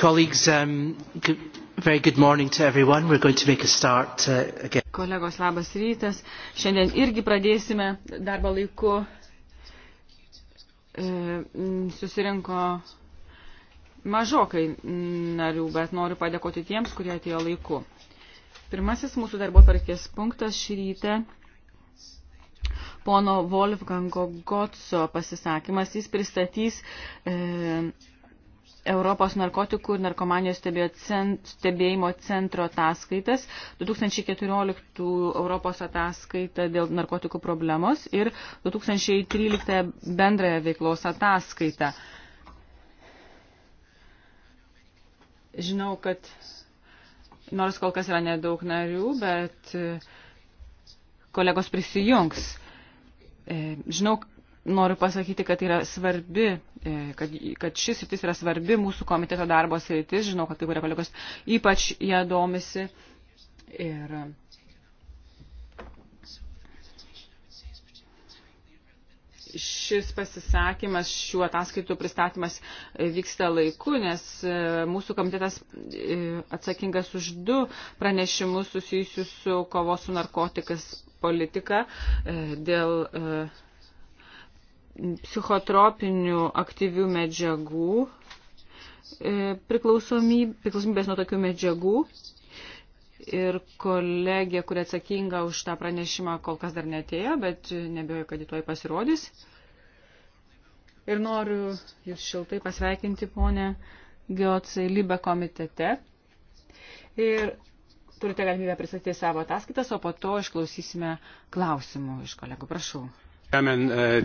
Colleagues, um, good, very good morning to everyone. We're going to make a start uh, again. Kolegos, labas rytas. Šiandien irgi pradėsime darbo laiku. E, susirinko mažokai narių, bet noriu padėkoti tiems, kurie atėjo laiku. Pirmasis mūsų darbo tvarkės punktas šį rytą pono Wolfgango Gotso pasisakymas. Jis pristatys e, Europos narkotikų ir narkomanijos stebėjimo centro ataskaitas, 2014 Europos ataskaita dėl narkotikų problemos ir 2013 bendrąją veiklos ataskaitą. Žinau, kad nors kol kas yra nedaug narių, bet e, kolegos prisijungs. E, žinau, noriu pasakyti, kad yra svarbi, e, kad, kad šis sritis yra svarbi mūsų komiteto darbo sritis. Žinau, kad kai kurie kolegos ypač ją domisi. Ir šis pasisakymas, šiuo ataskaitų pristatymas e, vyksta laiku, nes e, mūsų komitetas atsakingas už du pranešimus susijusius su kovos su narkotikas politika dėl psichotropinių aktyvių medžiagų, e, priklausomybės nuo tokių medžiagų. Ir kolegė, kuri atsakinga už tą pranešimą, kol kas dar netėjo, bet nebejoju, kad į to pasirodys. Ir noriu Jūs šiltai pasveikinti, ponė Geotsai Libe komitete. Ir turite galimybę pristatyti savo ataskaitas, o po to išklausysime klausimų iš kolegų. Prašau. Uh, uh,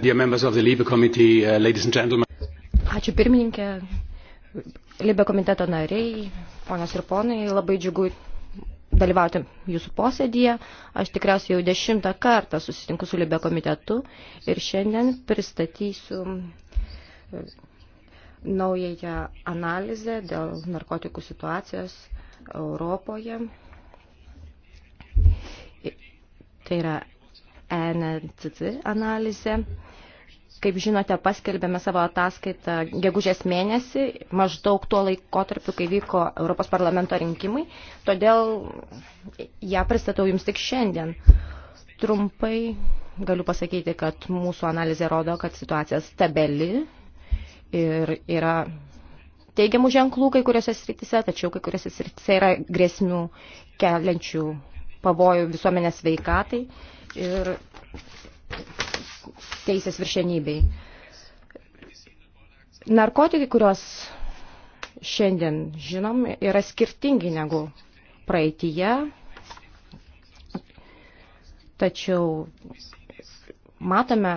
Ačiū pirmininkė, Libė komiteto nariai, ponas ir ponai, labai džiugu dalyvauti jūsų posėdyje. Aš tikriausiai jau dešimtą kartą susitinku su Libė komitetu ir šiandien pristatysiu uh, naująją analizę dėl narkotikų situacijos Europoje. Tai yra ENCC analizė. Kaip žinote, paskelbėme savo ataskaitą gegužės mėnesį, maždaug tuo laikotarpiu, kai vyko Europos parlamento rinkimai, todėl ją pristatau jums tik šiandien. Trumpai galiu pasakyti, kad mūsų analizė rodo, kad situacija stabili ir yra teigiamų ženklų kai kuriuose srityse, tačiau kai kuriuose srityse yra grėsmių keliančių pavojų visuomenės veikatai ir teisės viršenybei. Narkotikai, kuriuos šiandien žinom, yra skirtingi negu praeityje, tačiau matome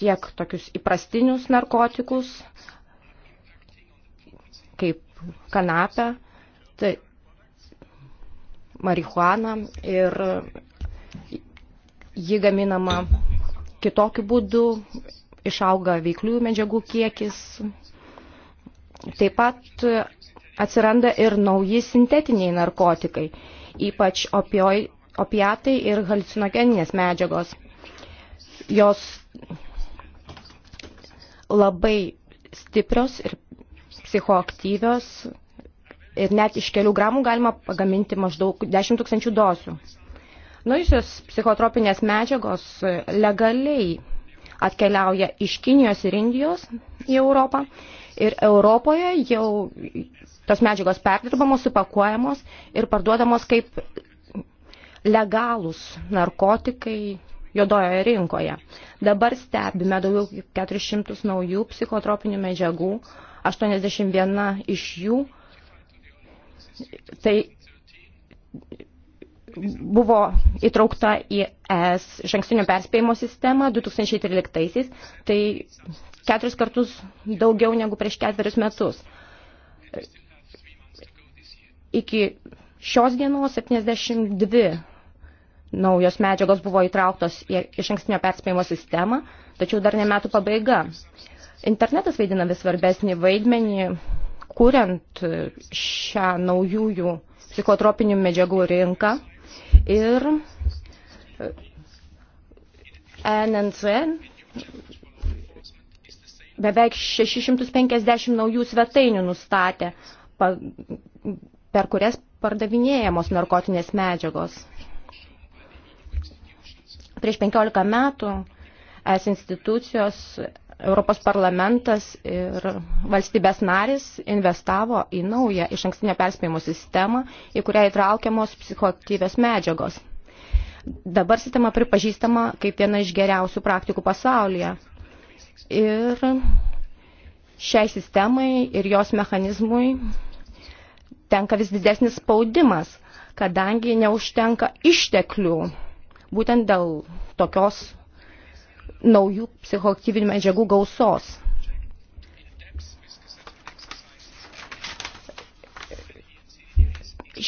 tiek tokius įprastinius narkotikus, kaip kanapę, tai marihuana ir ji gaminama kitokiu būdu, išauga veikliųjų medžiagų kiekis. Taip pat atsiranda ir nauji sintetiniai narkotikai, ypač opioj, opiatai ir halicinogeninės medžiagos. Jos labai stiprios ir psichoaktyvios ir net iš kelių gramų galima pagaminti maždaug 10 tūkstančių dozių. Nuėjusios psichotropinės medžiagos legaliai atkeliauja iš Kinijos ir Indijos į Europą ir Europoje jau tos medžiagos perdirbamos, supakuojamos ir parduodamos kaip legalūs narkotikai juodojoje rinkoje. Dabar stebime daugiau 400 naujų psichotropinių medžiagų, 81 iš jų tai buvo įtraukta į ES šankstinio perspėjimo sistemą 2013-aisiais, tai keturis kartus daugiau negu prieš ketverius metus. Iki šios dienos 72 naujos medžiagos buvo įtrauktos į išankstinio perspėjimo sistemą, tačiau dar ne metų pabaiga. Internetas vaidina vis svarbesnį vaidmenį kuriant šią naujųjų psichotropinių medžiagų rinką ir e, NNC beveik 650 naujų svetainių nustatė, per kurias pardavinėjamos narkotinės medžiagos. Prieš 15 metų es institucijos Europos parlamentas ir valstybės narys investavo į naują iš ankstinio perspėjimo sistemą, į kurią įtraukiamos psichoaktyvios medžiagos. Dabar sistema pripažįstama kaip viena iš geriausių praktikų pasaulyje. Ir šiai sistemai ir jos mechanizmui tenka vis didesnis spaudimas, kadangi neužtenka išteklių būtent dėl tokios naujų psichoaktyvinių medžiagų gausos.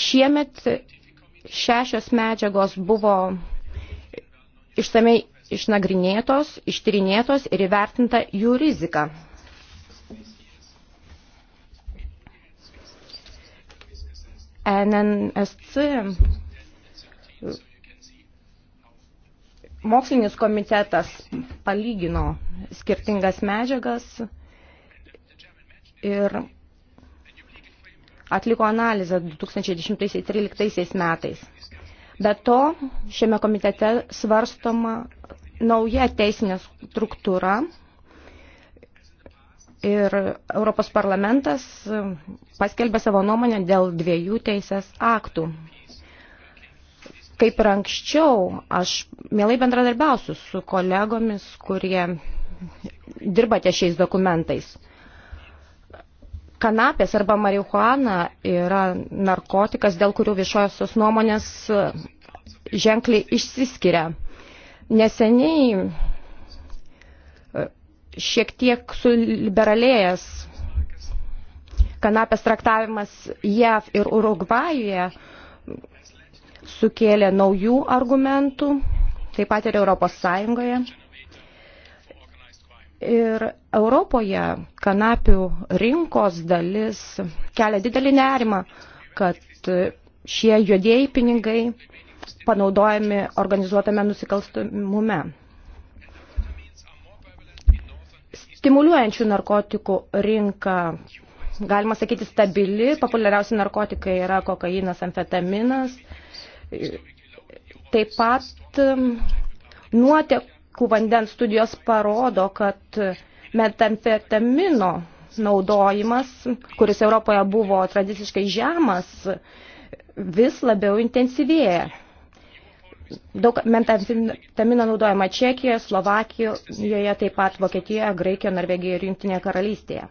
Šiemet šešios medžiagos buvo išsamei išnagrinėtos, ištyrinėtos ir įvertinta jų rizika. NNSC mokslinis komitetas palygino skirtingas medžiagas ir atliko analizę 2010-2013 metais. Be to, šiame komitete svarstoma nauja teisinė struktūra ir Europos parlamentas paskelbė savo nuomonę dėl dviejų teisės aktų Kaip ir anksčiau, aš mielai bendradarbiausiu su kolegomis, kurie dirbate šiais dokumentais. Kanapės arba marihuana yra narkotikas, dėl kurių viešosios nuomonės ženkliai išsiskiria. Neseniai e, šiek tiek suliberalėjęs kanapės traktavimas JAV ir Urugvajuje sukėlė naujų argumentų, taip pat ir Europos Sąjungoje. Ir Europoje kanapių rinkos dalis kelia didelį nerimą, kad šie juodieji pinigai panaudojami organizuotame nusikalstamume. Stimuliuojančių narkotikų rinka, galima sakyti, stabili. Populiariausi narkotikai yra kokainas, amfetaminas, Taip pat um, nuotekų vandens studijos parodo, kad metamfetamino naudojimas, kuris Europoje buvo tradiciškai žemas, vis labiau intensyvėja. Daug metamfetamino naudojama Čekijoje, Slovakijoje, taip pat Vokietijoje, Graikijoje, Norvegijoje ir Junktinėje karalystėje.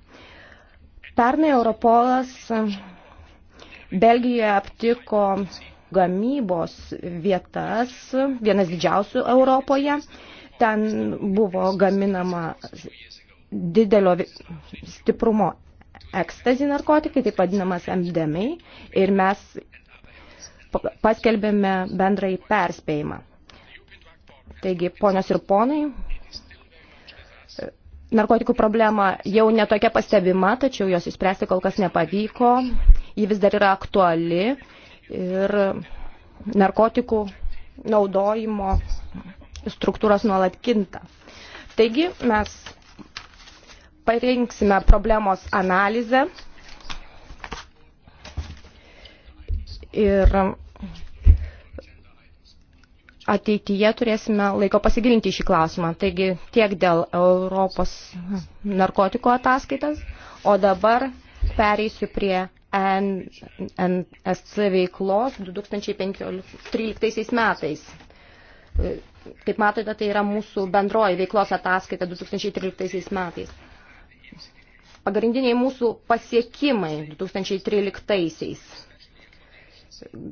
Pernai Europolas um, Belgijoje aptiko gamybos vietas, vienas didžiausių Europoje. Ten buvo gaminama didelio stiprumo ekstazi narkotikai, taip vadinamas MDMA, ir mes paskelbėme bendrai perspėjimą. Taigi, ponios ir ponai, narkotikų problema jau netokia pastebima, tačiau jos įspręsti kol kas nepavyko, ji vis dar yra aktuali ir narkotikų naudojimo struktūros nuolat kinta. Taigi mes parinksime problemos analizę ir ateityje turėsime laiko pasigilinti šį klausimą. Taigi tiek dėl Europos narkotikų ataskaitas, o dabar pereisiu prie NSC veiklos 2013 metais. Kaip matote, tai yra mūsų bendroji veiklos ataskaita 2013 metais. Pagrindiniai mūsų pasiekimai 2013. -aisiais.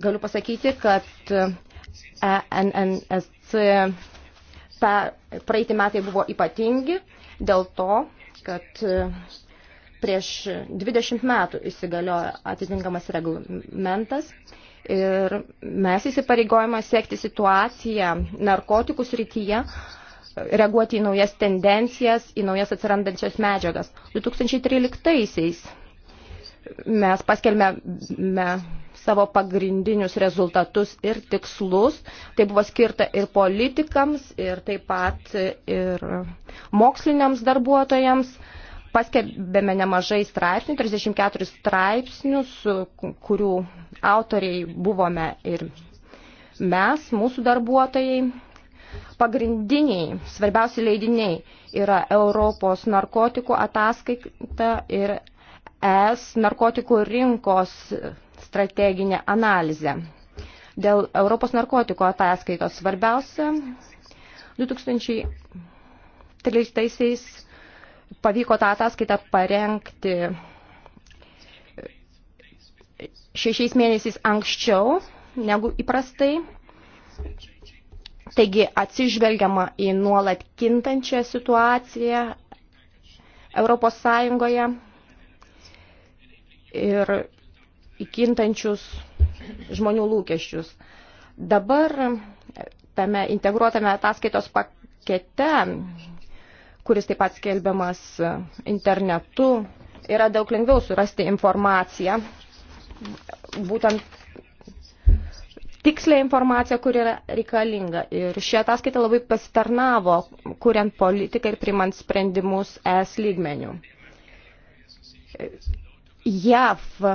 Galiu pasakyti, kad ENNSC praeitį metai buvo ypatingi dėl to, kad Prieš 20 metų įsigaliojo atitinkamas reglamentas ir mes įsipareigojame siekti situaciją narkotikų srityje, reaguoti į naujas tendencijas, į naujas atsirandančias medžiagas. 2013-aisiais mes paskelbėme savo pagrindinius rezultatus ir tikslus. Tai buvo skirta ir politikams, ir taip pat ir moksliniams darbuotojams paskelbėme nemažai straipsnių, 34 straipsnius, kurių autoriai buvome ir mes, mūsų darbuotojai. Pagrindiniai, svarbiausi leidiniai yra Europos narkotikų ataskaita ir ES narkotikų rinkos strateginė analizė. Dėl Europos narkotikų ataskaitos svarbiausia 2013 pavyko tą ataskaitą parengti šešiais mėnesiais anksčiau negu įprastai. Taigi atsižvelgiama į nuolat kintančią situaciją Europos Sąjungoje ir į kintančius žmonių lūkesčius. Dabar tame integruotame ataskaitos pakete kuris taip pat skelbiamas internetu, yra daug lengviau surasti informaciją, būtent tikslę informaciją, kuri yra reikalinga. Ir ši ataskaita labai pasitarnavo, kuriant politiką ir primant sprendimus ES lygmenių. JAV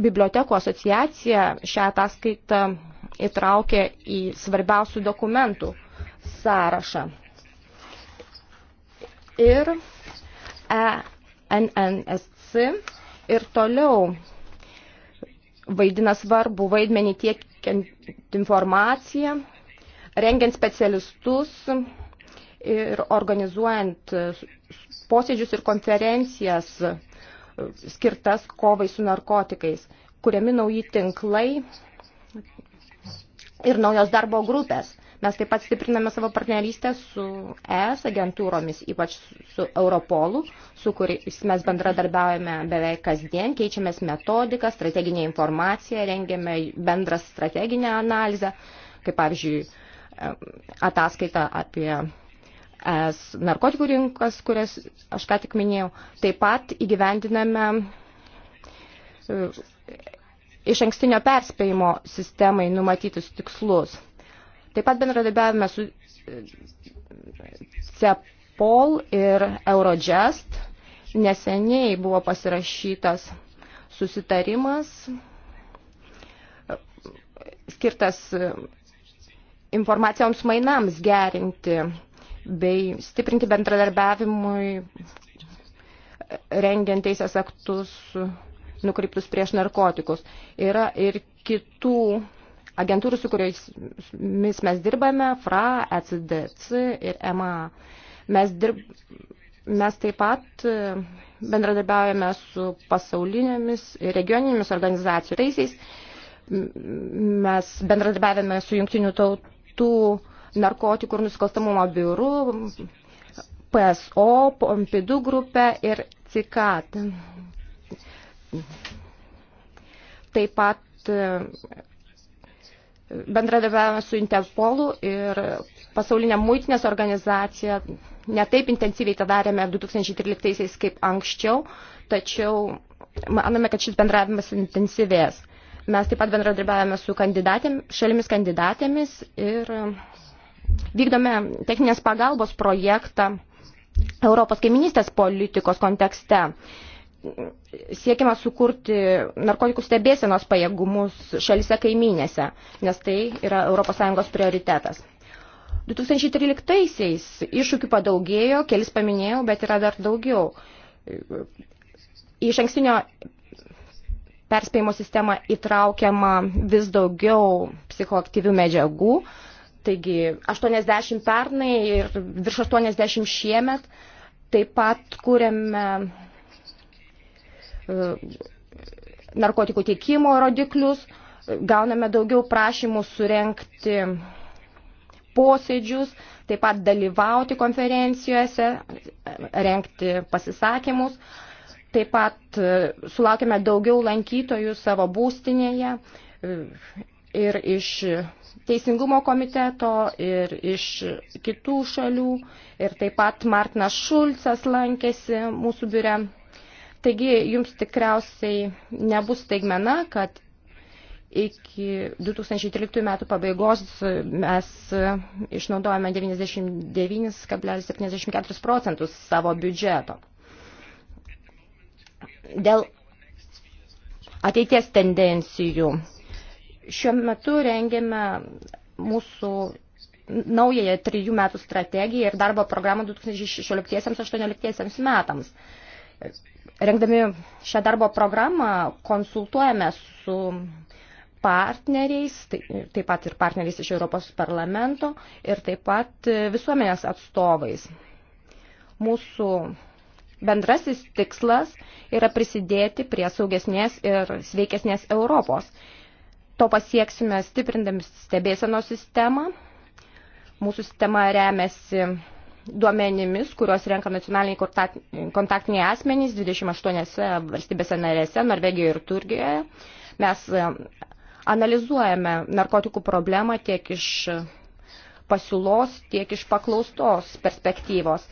bibliotekų asociacija šią ataskaitą įtraukė į svarbiausių dokumentų sąrašą ir ENNSC ir toliau vaidina svarbu vaidmenį tiekiant informaciją, rengiant specialistus ir organizuojant posėdžius ir konferencijas skirtas kovai su narkotikais, kuriami nauji tinklai ir naujos darbo grupės. Mes taip pat stipriname savo partnerystę su ES agentūromis, ypač su Europolu, su kuriais mes bendradarbiaujame beveik kasdien, keičiamės metodiką, strateginę informaciją, rengiame bendrą strateginę analizę, kaip pavyzdžiui ataskaita apie ES narkotikų rinkas, kurias aš ką tik minėjau. Taip pat įgyvendiname e, iš ankstinio perspėjimo sistemai numatytus tikslus. Taip pat bendradarbiavime su e, CEPOL ir Eurojust neseniai buvo pasirašytas susitarimas skirtas e, informacijoms mainams gerinti bei stiprinti bendradarbiavimui rengiant teisės aktus nukreiptus prieš narkotikus. Yra ir kitų agentūrų, su kuriomis mes dirbame, FRA, ECDC ir EMA. Mes, dirb, mes taip pat e, bendradarbiaujame su pasaulinėmis ir regioninėmis organizacijų teisiais. Mes bendradarbiavame su jungtinių tautų narkotikų ir nusikalstamumo biuru, PSO, Pompidų grupė ir CICAT. Taip pat e, bendradarbiavame su Interpolu ir pasaulinė muitinės organizacija. Netaip intensyviai tą darėme 2013 kaip anksčiau, tačiau manome, kad šis bendravimas intensyvės. Mes taip pat bendradarbiavame su kandidatėm, šalimis kandidatėmis ir vykdome techninės pagalbos projektą Europos kaiminystės politikos kontekste siekiama sukurti narkotikų stebėsenos pajėgumus šalise kaiminėse, nes tai yra ES prioritetas. 2013-aisiais iššūkių padaugėjo, kelis paminėjau, bet yra dar daugiau. Iš ankstinio perspėjimo sistemą įtraukiama vis daugiau psichoaktyvių medžiagų, taigi 80 pernai ir virš 80 šiemet. Taip pat kūrėme E, narkotikų tiekimo rodiklius, gauname daugiau prašymų surenkti posėdžius, taip pat dalyvauti konferencijose, renkti pasisakymus. Taip pat e, sulaukime daugiau lankytojų savo būstinėje e, ir iš Teisingumo komiteto, ir iš kitų šalių. Ir taip pat Martinas Šulcas lankėsi mūsų biure. Taigi jums tikriausiai nebus staigmena, kad iki 2013 metų pabaigos mes išnaudojame 99,74 procentus savo biudžeto. Dėl ateities tendencijų. Šiuo metu rengiame mūsų naująją trijų metų strategiją ir darbo programą 2016-2018 metams. Rengdami šią darbo programą konsultuojame su partneriais, tai, taip pat ir partneriais iš Europos parlamento ir taip pat visuomenės atstovais. Mūsų bendrasis tikslas yra prisidėti prie saugesnės ir sveikesnės Europos. To pasieksime stiprindami stebėsenos sistemą. Mūsų sistema remiasi duomenimis, kuriuos renka nacionaliniai kontaktiniai asmenys 28 valstybėse narėse, Norvegijoje ir Turkijoje. Mes e, analizuojame narkotikų problemą tiek iš pasiūlos, tiek iš paklaustos perspektyvos.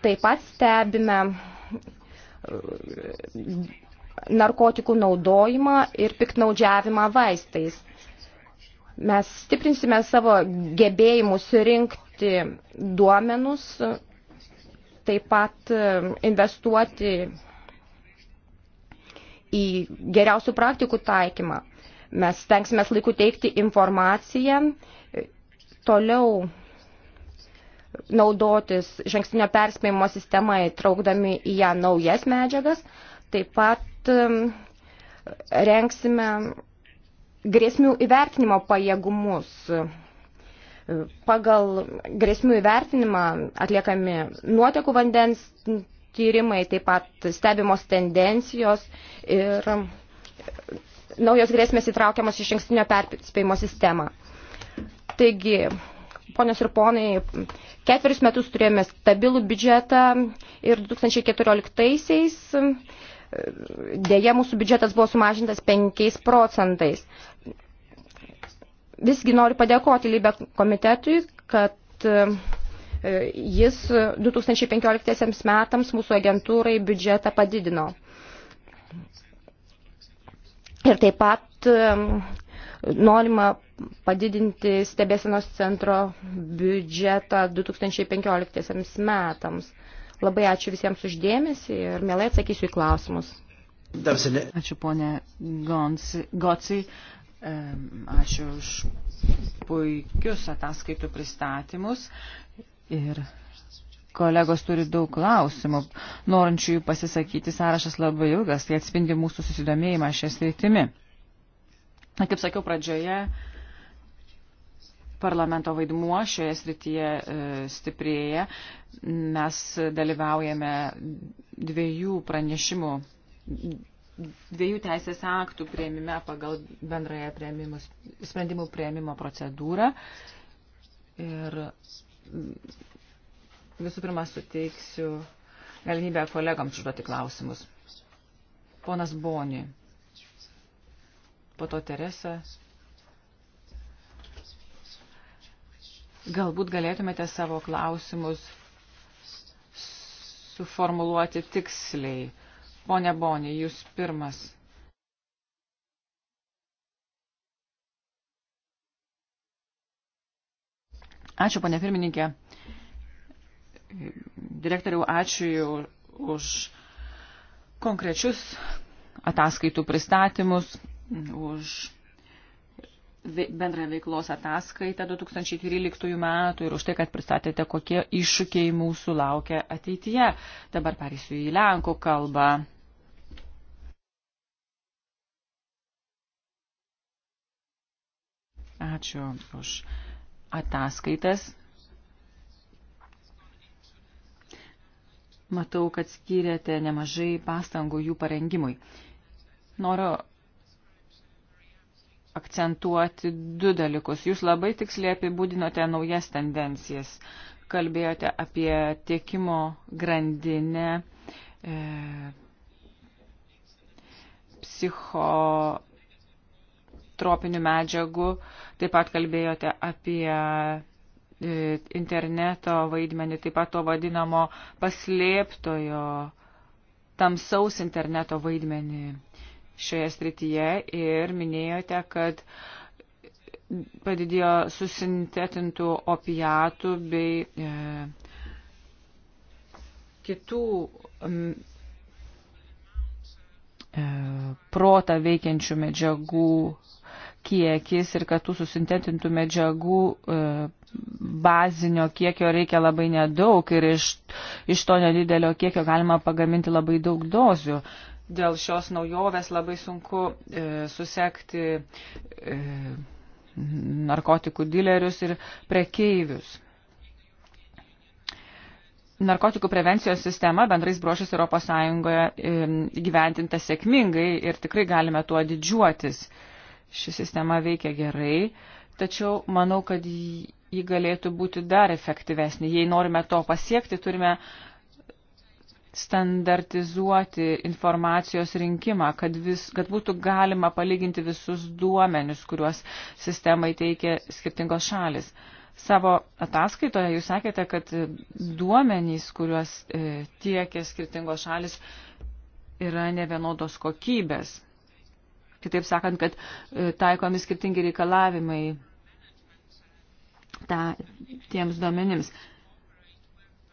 Taip pat stebime e, narkotikų naudojimą ir piknaudžiavimą vaistais. Mes stiprinsime savo gebėjimus rinkti rinkti duomenus, taip pat e, investuoti į geriausių praktikų taikymą. Mes tenksime laiku teikti informaciją, e, toliau naudotis žingsnio perspėjimo sistemą įtraukdami į ją naujas medžiagas, taip pat e, rengsime grėsmių įvertinimo pajėgumus Pagal grėsmių įvertinimą atliekami nuotekų vandens tyrimai, taip pat stebimos tendencijos ir naujos grėsmės įtraukiamos iš ankstinio perspėjimo sistemą. Taigi, ponios ir ponai, ketverius metus turėjome stabilų biudžetą ir 2014-aisiais e, dėja mūsų biudžetas buvo sumažintas 5 procentais visgi noriu padėkoti Lybe komitetui, kad e, jis 2015 metams mūsų agentūrai biudžetą padidino. Ir taip pat e, norima padidinti stebėsenos centro biudžetą 2015 metams. Labai ačiū visiems uždėmesi ir mielai atsakysiu į klausimus. Ačiū ponė Goci. Ačiū už puikius ataskaitų pristatymus ir kolegos turi daug klausimų. Norinčių jų pasisakyti sąrašas labai ilgas, tai atspindi mūsų susidomėjimą šią sveitimi. Na, kaip sakiau pradžioje, parlamento vaidmuo šioje srityje e, stiprėja. Mes dalyvaujame dviejų pranešimų dviejų teisės aktų prieimime pagal bendrąją sprendimų prieimimo procedūrą. Ir visų pirma suteiksiu galimybę kolegams užduoti klausimus. Ponas Boni, po to Teresa. Galbūt galėtumėte savo klausimus suformuluoti tiksliai Pone Bonė, jūs pirmas. Ačiū, ponė pirmininkė. Direktoriau, ačiū už konkrečius ataskaitų pristatymus, už bendrą veiklos ataskaitą 2013 metų ir už tai, kad pristatėte, kokie iššūkiai mūsų laukia ateityje. Dabar perėsiu į Lenkų kalbą. Ačiū už ataskaitas. Matau, kad skiriate nemažai pastangų jų parengimui. Noriu akcentuoti du dalykus. Jūs labai tiksliai apibūdinote naujas tendencijas. Kalbėjote apie tiekimo grandinę, e, psicho tropinių medžiagų, taip pat kalbėjote apie e, interneto vaidmenį, taip pat to vadinamo paslėptojo tamsaus interneto vaidmenį šioje srityje ir minėjote, kad padidėjo susintetintų opiatų bei e, kitų E, protą veikiančių medžiagų kiekis ir kad tų susintetintų medžiagų e, bazinio kiekio reikia labai nedaug ir iš, iš to nedidelio kiekio galima pagaminti labai daug dozių. Dėl šios naujovės labai sunku e, susekti e, narkotikų dilerius ir prekeivius narkotikų prevencijos sistema bendrais brošis ES gyventinta sėkmingai ir tikrai galime tuo didžiuotis. Ši sistema veikia gerai, tačiau manau, kad ji galėtų būti dar efektyvesnė. Jei norime to pasiekti, turime standartizuoti informacijos rinkimą, kad, vis, kad būtų galima palyginti visus duomenis, kuriuos sistemai teikia skirtingos šalis. Uh, Savo ataskaitoje jūs sakėte, kad duomenys, kuriuos e, tiekia skirtingos šalis, yra nevienodos kokybės. Kitaip sakant, kad e, taikomi skirtingi reikalavimai ta, tiems duomenims.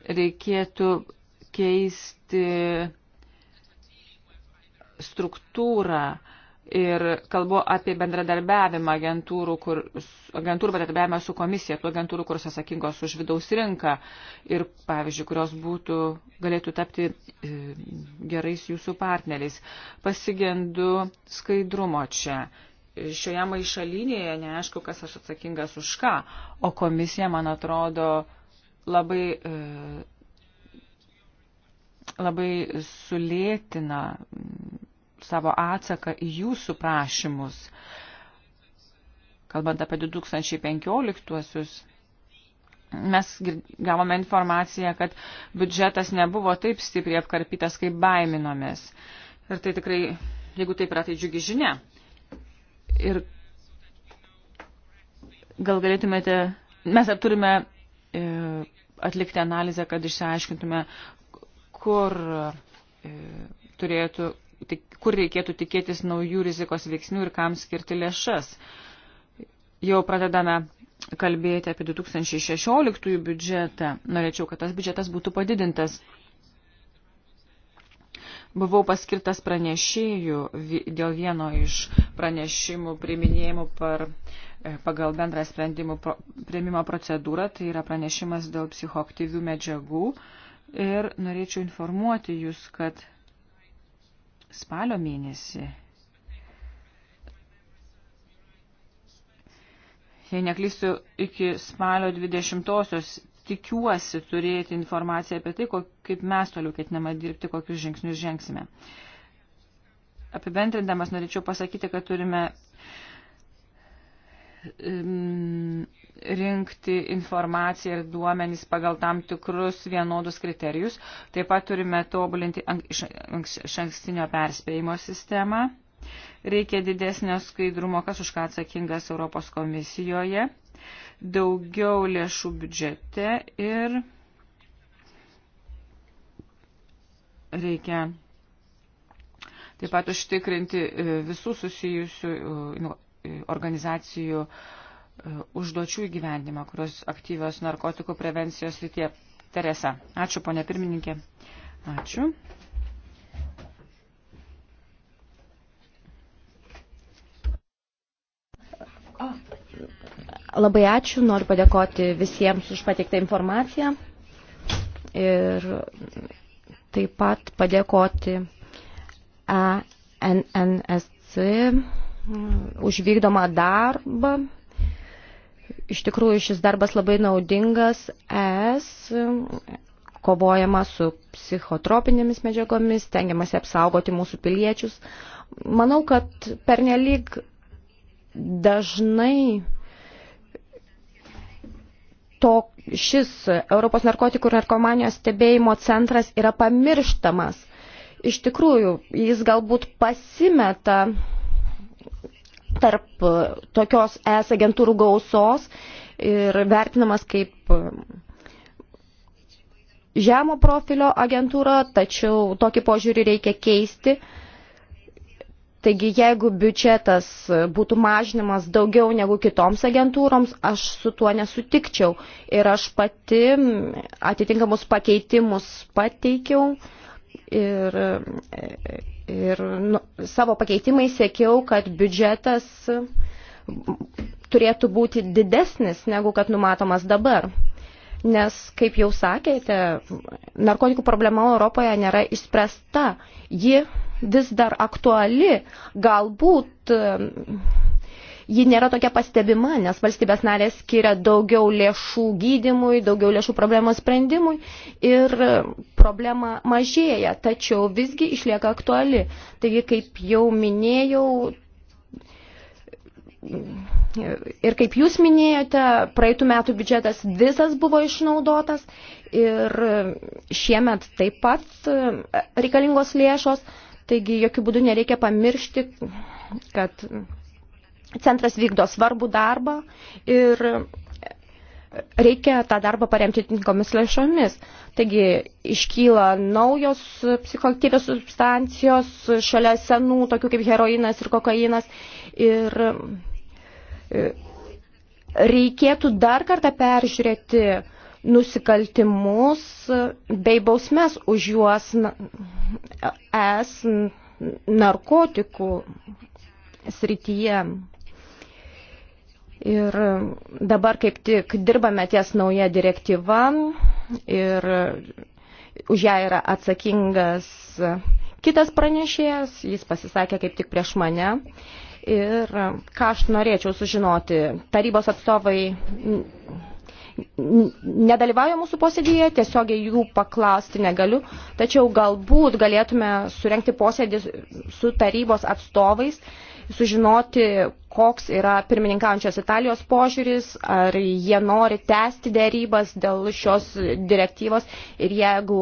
Reikėtų keisti struktūrą, ir kalbu apie bendradarbiavimą agentūrų, kur, agentūrų bendradarbiavimą su komisija, tų agentūrų, kurios atsakingos už vidaus rinką ir, pavyzdžiui, kurios būtų, galėtų tapti e, gerais jūsų partneriais. Pasigendu skaidrumo čia. Šioje maišalinėje neaišku, kas aš atsakingas už ką, o komisija, man atrodo, labai. E, labai sulėtina savo atsaką į jūsų prašymus. Kalbant apie 2015-uosius, mes gavome informaciją, kad biudžetas nebuvo taip stipriai apkarpytas, kaip baiminomės. Ir tai tikrai, jeigu taip yra, tai džiugi žinia. Ir gal galėtumėte, mes turime e, atlikti analizę, kad išsiaiškintume, kur e, turėtų kur reikėtų tikėtis naujų rizikos veiksnių ir kam skirti lėšas. Jau pradedame kalbėti apie 2016 biudžetą. Norėčiau, kad tas biudžetas būtų padidintas. Buvau paskirtas pranešėjų dėl vieno iš pranešimų priminėjimų par, e, pagal bendrą sprendimų pro, priimimo procedūrą, tai yra pranešimas dėl psichoaktyvių medžiagų. Ir norėčiau informuoti jūs, kad spalio mėnesį. Jei neklysiu, iki spalio 20-osios tikiuosi turėti informaciją apie tai, kaip mes toliau ketiname dirbti, kokius žingsnius žengsime. Apibendrindamas norėčiau pasakyti, kad turime rinkti informaciją ir duomenys pagal tam tikrus vienodus kriterijus. Taip pat turime tobulinti iš ankstinio perspėjimo sistemą. Reikia didesnio skaidrumo, kas už ką atsakingas Europos komisijoje, daugiau lėšų biudžete ir reikia taip pat užtikrinti e, visų susijusių e, organizacijų uh, E, užduočių įgyvendimą, kurios aktyvios narkotikų prevencijos rytie. Teresa. Ačiū, ponė pirmininkė. Ačiū. Labai ačiū, noriu padėkoti visiems už pateiktą informaciją ir taip pat padėkoti ENNSC už vykdomą darbą Iš tikrųjų, šis darbas labai naudingas. Es kovojama su psichotropinėmis medžiagomis, tengiamasi apsaugoti mūsų piliečius. Manau, kad pernelyg dažnai to šis Europos narkotikų ir narkomanijos stebėjimo centras yra pamirštamas. Iš tikrųjų, jis galbūt pasimeta tarp e, tokios ES agentūrų gausos ir vertinamas kaip e, žemo profilio agentūra, tačiau tokį požiūrį reikia keisti. Taigi, jeigu biudžetas būtų mažinimas daugiau negu kitoms agentūroms, aš su tuo nesutikčiau. Ir aš pati atitinkamus pakeitimus pateikiau. Ir e, Ir nu, savo pakeitimai siekiau, kad biudžetas turėtų būti didesnis negu kad numatomas dabar. Nes, kaip jau sakėte, narkotikų problema Europoje nėra išspręsta. Ji vis dar aktuali. Galbūt ji nėra tokia pastebima, nes valstybės narės skiria daugiau lėšų gydimui, daugiau lėšų problemos sprendimui ir problema mažėja, tačiau visgi išlieka aktuali. Taigi, kaip jau minėjau, ir kaip jūs minėjote, praeitų metų biudžetas visas buvo išnaudotas ir šiemet taip pat reikalingos lėšos, taigi jokių būdų nereikia pamiršti, kad Centras vykdo svarbų darbą ir reikia tą darbą paremti tinkomis lėšomis. Taigi iškyla naujos psichoaktyvios substancijos šalia senų, tokių kaip heroinas ir kokainas. Ir e, reikėtų dar kartą peržiūrėti nusikaltimus bei bausmes už juos es narkotikų srityje. Ir dabar kaip tik dirbame ties nauja direktyva ir už ją yra atsakingas kitas pranešėjas, jis pasisakė kaip tik prieš mane. Ir ką aš norėčiau sužinoti, tarybos atstovai nedalyvauja mūsų posėdėje, tiesiogiai jų paklausti negaliu, tačiau galbūt galėtume surenkti posėdį su tarybos atstovais sužinoti, koks yra pirmininkaujančios Italijos požiūris, ar jie nori tęsti dėrybas dėl šios direktyvos ir jeigu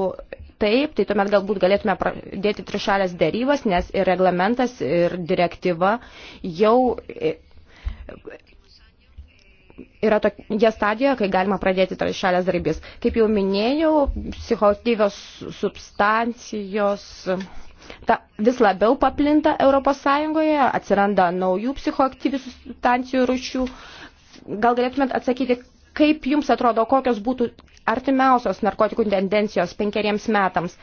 taip, tai tuomet galbūt galėtume pradėti trišalės dėrybas, nes ir reglamentas, ir direktyva jau yra tokia stadija, kai galima pradėti trišalės darbys. Kaip jau minėjau, psichoaktyvios substancijos ta, vis labiau paplinta Europos Sąjungoje, atsiranda naujų psichoaktyvių substancijų rušių. Gal galėtumėt atsakyti, kaip jums atrodo, kokios būtų artimiausios narkotikų tendencijos penkeriems metams?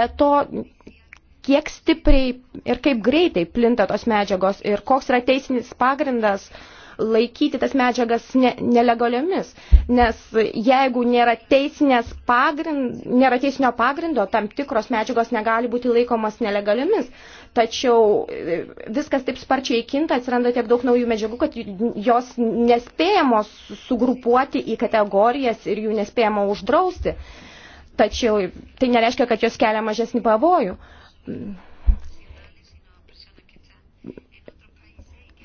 Be to, kiek stipriai ir kaip greitai plinta tos medžiagos ir koks yra teisinis pagrindas uh, laikyti tas medžiagas ne, nelegaliomis, nes jeigu nėra, pagrind, nėra teisinio pagrindo, tam tikros medžiagos negali būti laikomas nelegaliomis. Tačiau e, viskas taip sparčiai kinta, atsiranda tiek daug naujų medžiagų, kad jos nespėjamos sugrupuoti į kategorijas ir jų nespėjama uždrausti. Tačiau tai nereiškia, kad jos kelia mažesnį pavojų. Mm.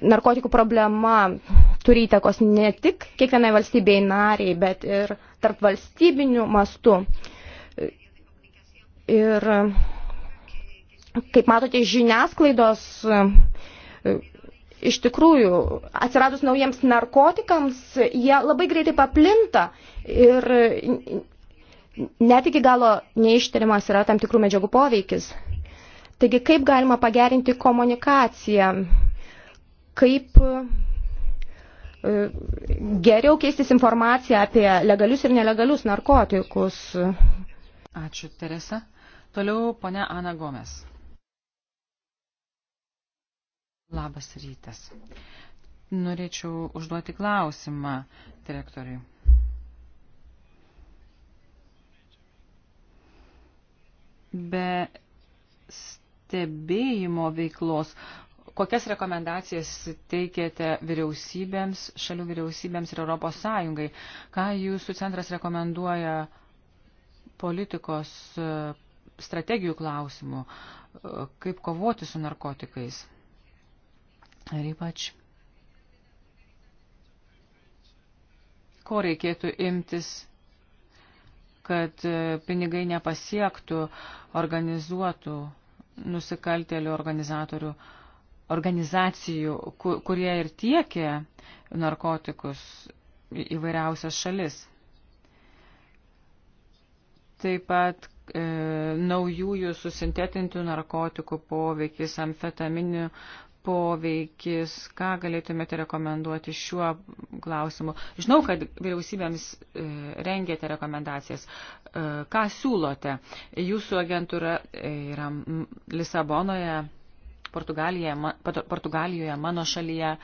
narkotikų problema turi įtakos ne tik kiekvienai valstybei nariai, bet ir tarp valstybinių mastų. Ir kaip matote, žiniasklaidos iš tikrųjų atsiradus naujiems narkotikams, jie labai greitai paplinta ir net iki galo neištariamas yra tam tikrų medžiagų poveikis. Taigi, kaip galima pagerinti komunikaciją kaip e, geriau keistis informaciją apie legalius ir nelegalius narkotikus. Ačiū, Teresa. Toliau ponia Ana Gomes. Labas rytas. Norėčiau užduoti klausimą direktoriui. Be stebėjimo veiklos, Kokias rekomendacijas teikėte vyriausybėms, šalių vyriausybėms ir Europos Sąjungai? Ką jūsų centras rekomenduoja politikos e, strategijų klausimų, e, kaip kovoti su narkotikais? Ir ypač, ko reikėtų imtis, kad e, pinigai nepasiektų organizuotų nusikaltėlių organizatorių uh, organizacijų, kurie ir tiekė narkotikus įvairiausias šalis. Taip pat e, naujųjų susintetintų narkotikų poveikis, amfetaminių poveikis, ką galėtumėte rekomenduoti šiuo klausimu. Žinau, kad vyriausybėms e, rengėte rekomendacijas. E, ką siūlote? Jūsų agentūra e, yra Lisabonoje Portugalijoje, mano šalyje.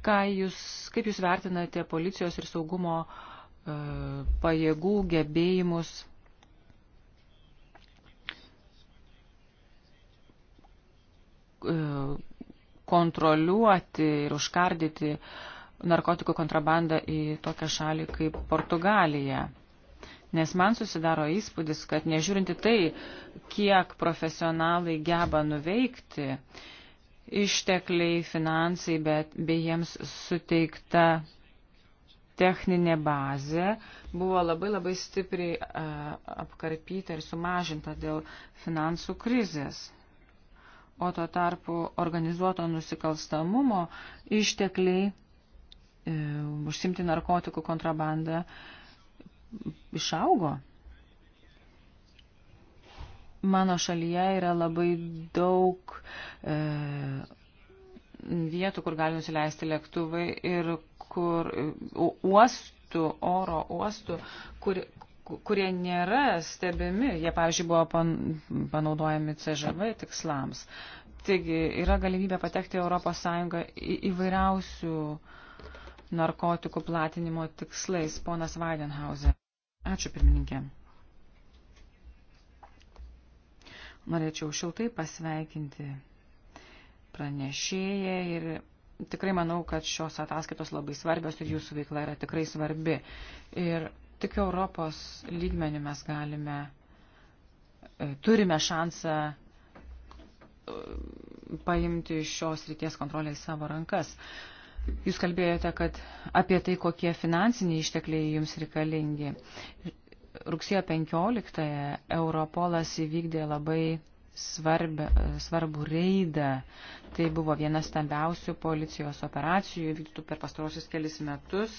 Ką jūs, kaip jūs vertinate policijos ir saugumo e, pajėgų gebėjimus e, kontroliuoti ir užkardyti narkotikų kontrabandą į tokią šalį kaip Portugalija. Nes man susidaro įspūdis, kad nežiūrinti tai, kiek profesionalai geba nuveikti, ištekliai, finansai, bet bei jiems suteikta techninė bazė buvo labai labai stipriai apkarpyta ir sumažinta dėl finansų krizės. O tuo tarpu organizuoto nusikalstamumo ištekliai e, užsimti narkotikų kontrabandą išaugo. Mano šalyje yra labai daug e, vietų, kur gali nusileisti lėktuvai ir kur uostų, oro uostų, kur, kurie nėra stebimi. Jie, pavyzdžiui, buvo pan, panaudojami CŽV tikslams. Taigi yra galimybė patekti Europos Sąjungą į įvairiausių narkotikų platinimo tikslais, ponas Weidenhauser. Ačiū pirmininkė. Norėčiau šiltai pasveikinti pranešėją ir tikrai manau, kad šios ataskaitos labai svarbios ir jūsų veikla yra tikrai svarbi. Ir tik Europos lygmenių mes galime, e, turime šansą e, paimti šios ryties kontrolę į savo rankas. Jūs kalbėjote, kad apie tai, kokie finansiniai ištekliai jums reikalingi. Rugsėjo 15-ąją Europolas įvykdė labai svarbę, svarbų reidą. Tai buvo viena stambiausių policijos operacijų vykdytų per pastarosius kelis metus.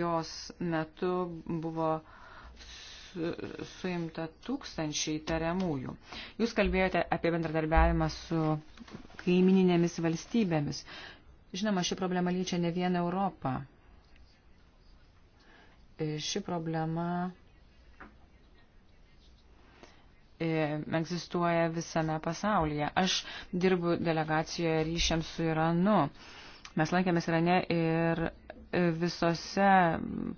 Jos metu buvo su, suimta tūkstančiai tariamųjų. Jūs kalbėjote apie bendradarbiavimą su kaimininėmis valstybėmis. Žinoma, ši problema lyčia ne vieną Europą. E, ši problema e, egzistuoja visame pasaulyje. Aš dirbu delegacijoje ryšiams su Iranu. Mes lankėmės Irane ir visose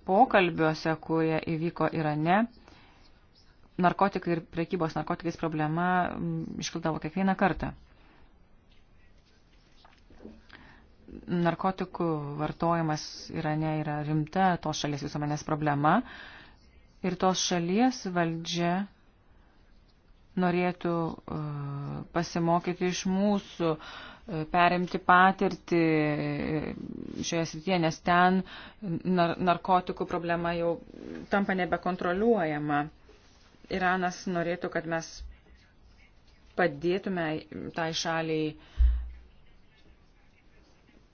pokalbiuose, kurie įvyko Irane, narkotikai ir prekybos narkotikais problema iškildavo kiekvieną kartą. narkotikų vartojimas Irane yra rimta tos šalies visuomenės problema ir tos šalies valdžia norėtų e, pasimokyti iš mūsų, e, perimti patirtį e, šioje srityje, nes ten narkotikų problema jau tampa nebekontroliuojama. Iranas norėtų, kad mes padėtume tai šaliai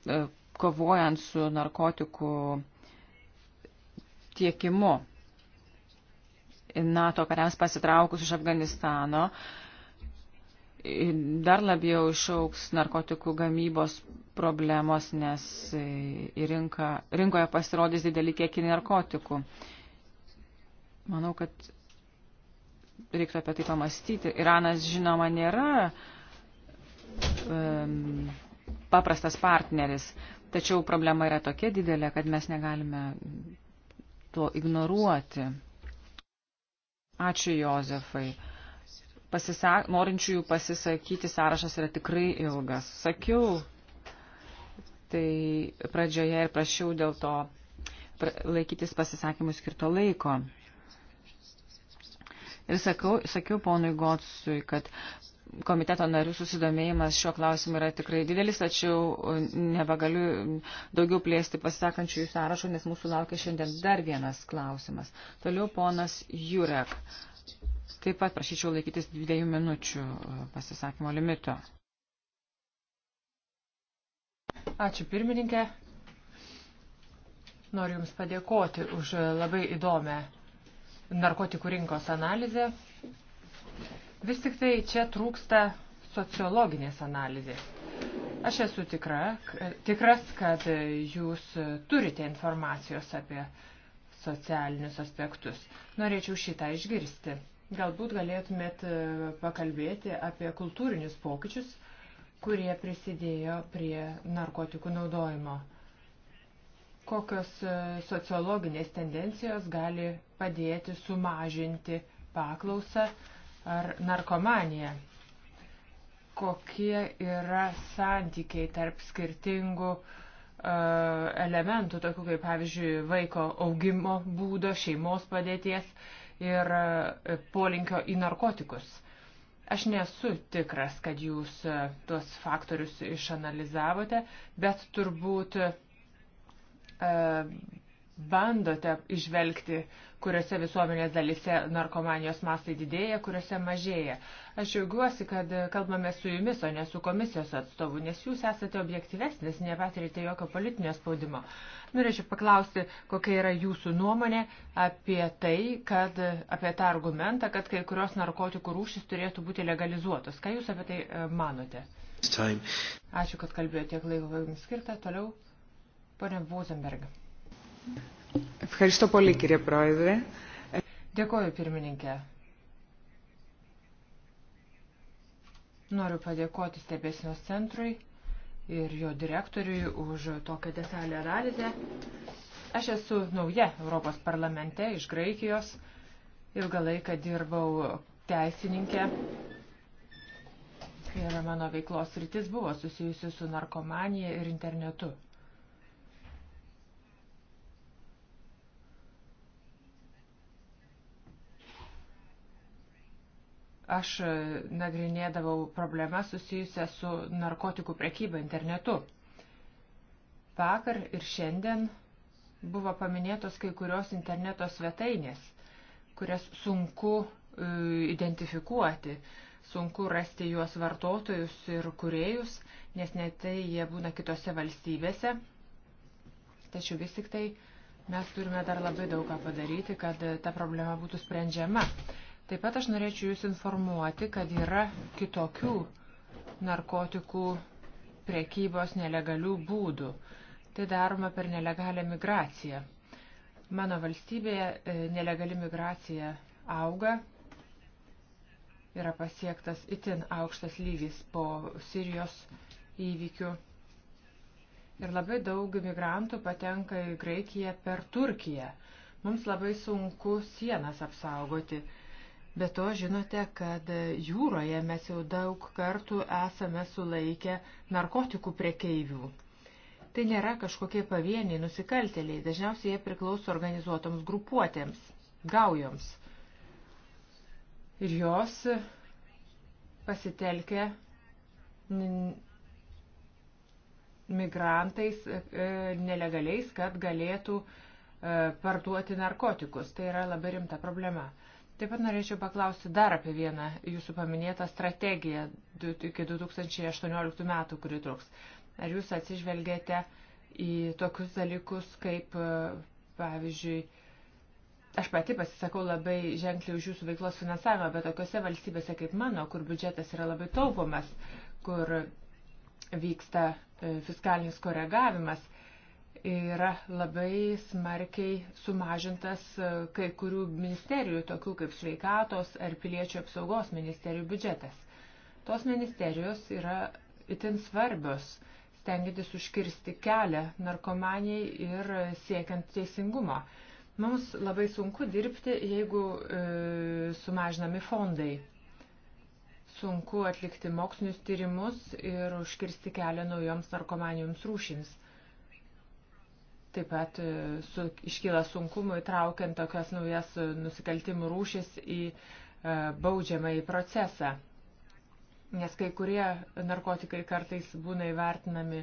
E, kovojant su narkotikų tiekimu. NATO kariams pasitraukus iš Afganistano dar labiau išauks narkotikų gamybos problemos, nes rinka, rinkoje pasirodys didelį kiekį narkotikų. Manau, kad reiktų apie tai pamastyti. Iranas, žinoma, nėra um, paprastas partneris. Tačiau problema yra tokia didelė, kad mes negalime to ignoruoti. Ačiū Jozefai. Pasisak, norinčiųjų pasisakyti sąrašas yra tikrai ilgas. Sakiau, tai pradžioje ir prašiau dėl to laikytis pasisakymų skirto laiko. Ir sakau, sakiau ponui Gotsui, kad komiteto narių susidomėjimas šiuo klausimu yra tikrai didelis, tačiau e, nebegaliu daugiau plėsti pasisakančių jų sąrašo, nes mūsų laukia šiandien dar vienas klausimas. Toliau ponas Jurek. Taip pat prašyčiau laikytis dviejų minučių e, pasisakymo limito. Ačiū pirmininkė. Noriu Jums padėkoti už labai įdomią narkotikų rinkos analizę. Vis tik tai čia trūksta sociologinės analizės. Aš esu tikra, tikras, kad jūs turite informacijos apie socialinius aspektus. Norėčiau šitą išgirsti. Galbūt galėtumėt e, pakalbėti apie kultūrinius pokyčius, kurie prisidėjo prie narkotikų naudojimo. Kokios e, sociologinės tendencijos gali padėti sumažinti paklausą ar narkomanija. Kokie yra santykiai tarp skirtingų uh, elementų, tokių kaip pavyzdžiui vaiko augimo būdo, šeimos padėties ir uh, polinkio į narkotikus. Aš nesu tikras, kad jūs uh, tuos faktorius išanalizavote, bet turbūt uh, bandote išvelgti, kuriuose visuomenės dalise narkomanijos mastai didėja, kuriuose mažėja. Aš jaugiuosi, kad kalbame su jumis, o ne su komisijos atstovu, nes jūs esate objektyvesnis, nepatirite jokio politinio spaudimo. Norėčiau paklausti, kokia yra jūsų nuomonė apie tai, kad apie tą argumentą, kad kai kurios narkotikų rūšis turėtų būti legalizuotos. Ką jūs apie tai e, manote? Ačiū, kad kalbėjote tiek laiko, kaip jums skirta. Toliau, ponė Vozenberg. Ευχαριστώ πολύ, κύριε Πρόεδρε. Dėkoju, pirmininkė. Noriu padėkoti stebėsinos centrui ir jo direktoriui už tokią detalę analizę. Aš esu nauja Europos parlamente iš Graikijos. Ilgą laiką dirbau teisininkė ir mano veiklos rytis buvo susijusi su narkomanija ir internetu. aš e, nagrinėdavau problemą susijusią su narkotikų prekyba internetu. Vakar ir šiandien buvo paminėtos kai kurios interneto svetainės, kurias sunku e, identifikuoti, sunku rasti juos vartotojus ir kuriejus, nes netai jie būna kitose valstybėse. Tačiau vis tik tai mes turime dar labai daug ką padaryti, kad e, ta problema būtų sprendžiama. Taip pat aš norėčiau Jūs informuoti, kad yra kitokių narkotikų priekybos nelegalių būdų. Tai daroma per nelegalią migraciją. Mano valstybėje e, nelegali migracija auga, yra pasiektas itin aukštas lygis po Sirijos įvykių. Ir labai daug migrantų patenka į Graikiją per Turkiją. Mums labai sunku sienas apsaugoti Be to, žinote, kad jūroje mes jau daug kartų esame sulaikę narkotikų prekeivių. Tai nėra kažkokie pavieniai nusikaltėliai, dažniausiai jie priklauso organizuotoms grupuotėms, gaujoms. Ir jos pasitelkia migrantais e, e, nelegaliais, kad galėtų e, parduoti narkotikus. Tai yra labai rimta problema. Taip pat norėčiau paklausti dar apie vieną jūsų paminėtą strategiją iki 2018 metų, kuri truks. Ar jūs atsižvelgėte į tokius dalykus, kaip, e, pavyzdžiui, aš pati pasisakau labai ženkliai už jūsų veiklos finansavimą, bet tokiuose valstybėse kaip mano, kur biudžetas yra labai taupomas, kur vyksta e, fiskalinis koregavimas, yra labai smarkiai sumažintas e, kai kurių ministerijų, tokių kaip sveikatos ar piliečių apsaugos ministerijų biudžetas. Tos ministerijos yra itin svarbios, stengiantis užkirsti kelią narkomanijai ir siekiant teisingumo. Mums labai sunku dirbti, jeigu e, sumažinami fondai sunku atlikti mokslinius tyrimus ir užkirsti kelią naujoms narkomanijoms rūšims. Taip pat e, su, iškyla sunkumų įtraukiant tokias naujas e, nusikaltimų rūšis į e, baudžiamąjį procesą. Nes kai kurie narkotikai kartais būna įvertinami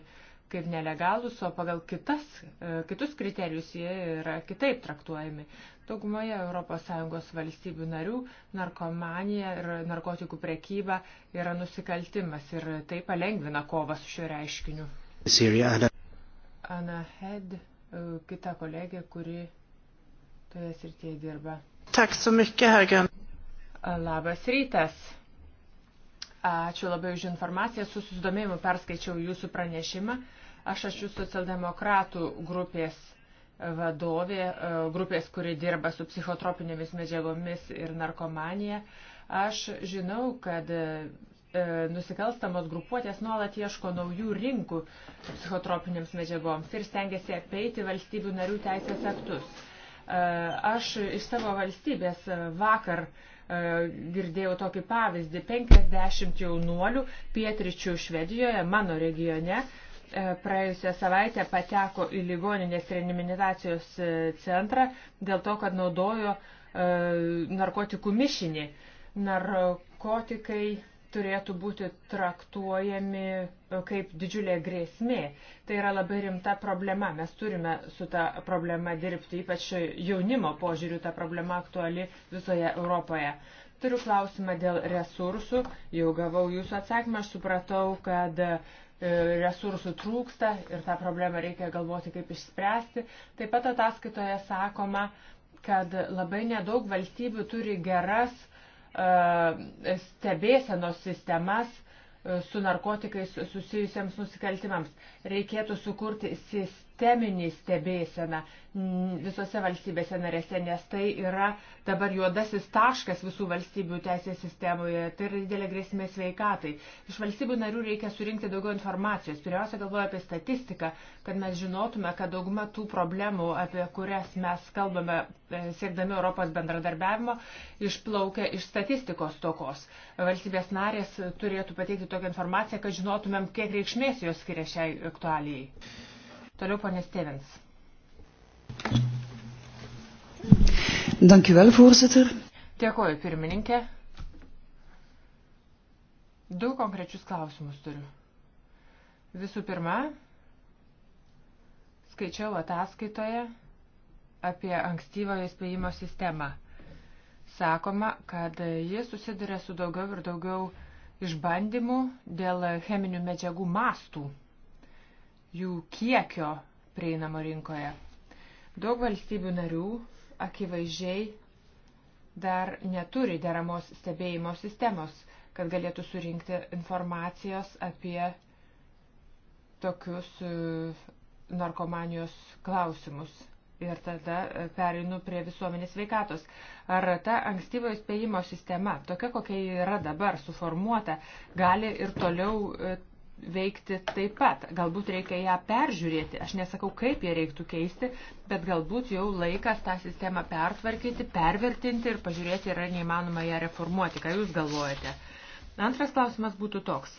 kaip nelegalus, o pagal kitas, e, kitus kriterijus jie yra kitaip traktuojami. Daugumoje ES valstybių narių narkomanija ir narkotikų prekyba yra nusikaltimas ir tai palengvina kovą su šiuo reiškiniu. Syria, Anna Head kitą kolegę, kuri toje srityje dirba. Labas rytas. Ačiū labai už informaciją. Su susidomėjimu perskaičiau jūsų pranešimą. Aš esu socialdemokratų grupės vadovė, grupės, kuri dirba su psichotropinėmis medžiagomis ir narkomanija. Aš žinau, kad E, nusikalstamos grupuotės nuolat ieško naujų rinkų psichotropinėms medžiagoms ir stengiasi apeiti valstybių narių teisės aktus. E, aš iš savo valstybės vakar e, girdėjau tokį pavyzdį. 50 jaunuolių pietričių Švedijoje, mano regione, praėjusią savaitę pateko į ligoninės reanimizacijos centrą dėl to, kad naudojo narkotikų mišinį. Narkotikai turėtų būti traktuojami e, kaip didžiulė grėsmė. Tai yra labai rimta problema. Mes turime su ta problema dirbti, ypač jaunimo požiūriu ta problema aktuali visoje Europoje. Turiu klausimą dėl resursų. Jau gavau jūsų atsakymą, aš supratau, kad e, resursų trūksta ir tą problemą reikia galvoti, kaip išspręsti. Taip pat ataskaitoje sakoma, kad labai nedaug valstybių turi geras E, stebėsenos sistemas e, su narkotikais susijusiems nusikaltimams. Reikėtų sukurti sistemas sisteminį stebėseną visose valstybėse narėse, nes tai yra dabar juodasis taškas visų valstybių teisės sistemoje, tai yra didelė grėsmė sveikatai. Iš valstybių narių reikia surinkti daugiau informacijos. Pirmiausia, galvoju apie statistiką, kad mes žinotume, kad dauguma tų problemų, apie kurias mes kalbame e, siekdami Europos bendradarbiavimo, išplaukia iš statistikos tokos. Valstybės narės turėtų pateikti tokią informaciją, kad žinotumėm, kiek reikšmės jos skiria šiai aktualijai. Toliau ponė Stevens. Dankyvel, voorzitter. Dėkoju, pirmininkė. Du konkrečius klausimus turiu. Visų pirma, skaičiau ataskaitoje apie ankstyvojo įspėjimo sistemą. Sakoma, kad jis susiduria su daugiau ir daugiau išbandymų dėl cheminių medžiagų mastų jų kiekio prieinamo rinkoje. Daug valstybių narių akivaizdžiai dar neturi deramos stebėjimo sistemos, kad galėtų surinkti informacijos apie tokius e, narkomanijos klausimus. Ir tada e, pereinu prie visuomenės veikatos. Ar ta ankstyvo įspėjimo sistema, tokia kokia yra dabar suformuota, gali ir toliau e, veikti taip pat. Galbūt reikia ją peržiūrėti. Aš nesakau, kaip ją reiktų keisti, bet galbūt jau laikas tą sistemą pertvarkyti, pervertinti ir pažiūrėti, yra neįmanoma ją reformuoti. Ką Jūs galvojate? Antras klausimas būtų toks.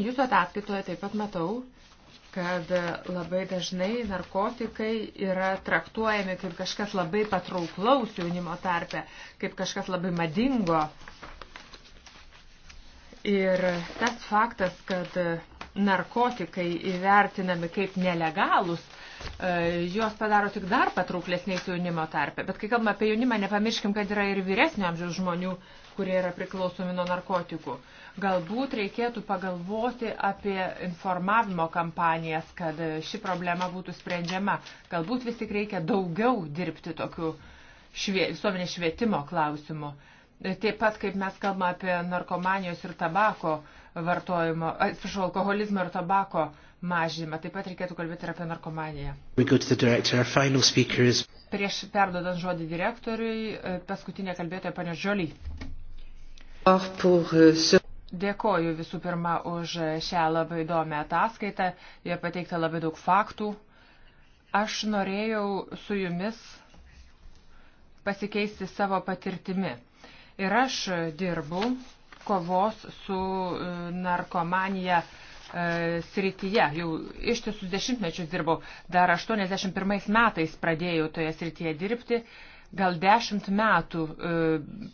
Jūsų ataskaitoje taip pat matau, kad labai dažnai narkotikai yra traktuojami kaip kažkas labai patrauklaus jaunimo tarpe, kaip kažkas labai madingo. Ir tas faktas, kad narkotikai įvertinami kaip nelegalus, e, juos padaro tik dar patrauklesniais jaunimo tarpe. Bet kai kalbame apie jaunimą, nepamirškim, kad yra ir vyresnio amžiaus žmonių, kurie yra priklausomi nuo narkotikų. Galbūt reikėtų pagalvoti apie informavimo kampanijas, kad ši problema būtų sprendžiama. Galbūt vis tik reikia daugiau dirbti tokiu švie, visuomenės švietimo klausimu. Taip pat, kaip mes kalbame apie narkomanijos ir tabako vartojimo, atsiprašau, alkoholizmo ir tabako mažinimą, taip pat reikėtų kalbėti ir apie narkomaniją. Prieš perdodant žodį direktoriui, e, paskutinė kalbėtoja panė Žioly. Euh, Dėkoju visų pirma už e, šią labai įdomią ataskaitą, jie pateikta labai daug faktų. Aš norėjau su jumis pasikeisti savo patirtimi Ir aš dirbu kovos su e, narkomanija e, srityje. Jau ištisus dešimtmečius dirbau. Dar 81 metais pradėjau toje srityje dirbti. Gal dešimt metų e,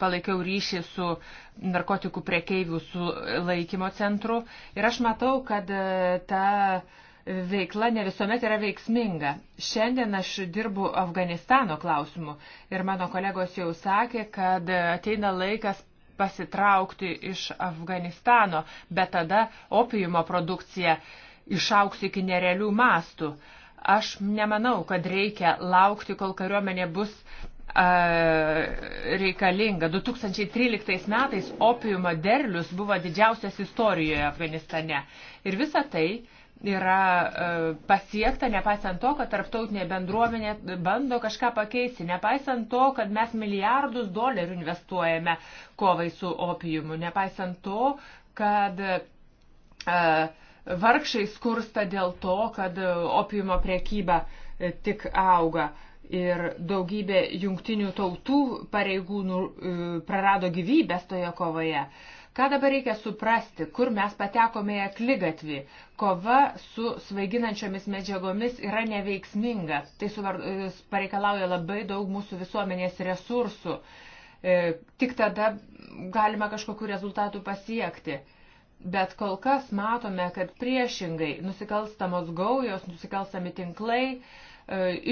palaikiau ryšį su narkotikų priekeivių sulaikymo centru. Ir aš matau, kad ta veikla ne visuomet yra veiksminga. Šiandien aš dirbu Afganistano klausimu ir mano kolegos jau sakė, kad ateina laikas pasitraukti iš Afganistano, bet tada opiumo produkcija išauks iki nerealių mastų. Aš nemanau, kad reikia laukti, kol kariuomenė bus reikalinga. 2013 metais opiumo derlius buvo didžiausias istorijoje Afganistane. Ir visa tai yra e, pasiekta, nepaisant to, kad tarptautinė bendruomenė bando kažką pakeisti, nepaisant to, kad mes milijardus dolerių investuojame kovai su opijumu, nepaisant to, kad e, vargšai skursta dėl to, kad opijumo priekyba e, tik auga. Ir daugybė jungtinių tautų pareigūnų prarado gyvybės toje kovoje. Uh, Ką dabar reikia suprasti, kur mes patekome į aklygatvį? Kova su svaiginančiomis medžiagomis yra neveiksminga. Tai suvar, e, pareikalauja labai daug mūsų visuomenės resursų. E, tik tada galima kažkokiu rezultatu pasiekti. Bet kol kas matome, kad priešingai nusikalstamos gaujos, nusikalstami tinklai e,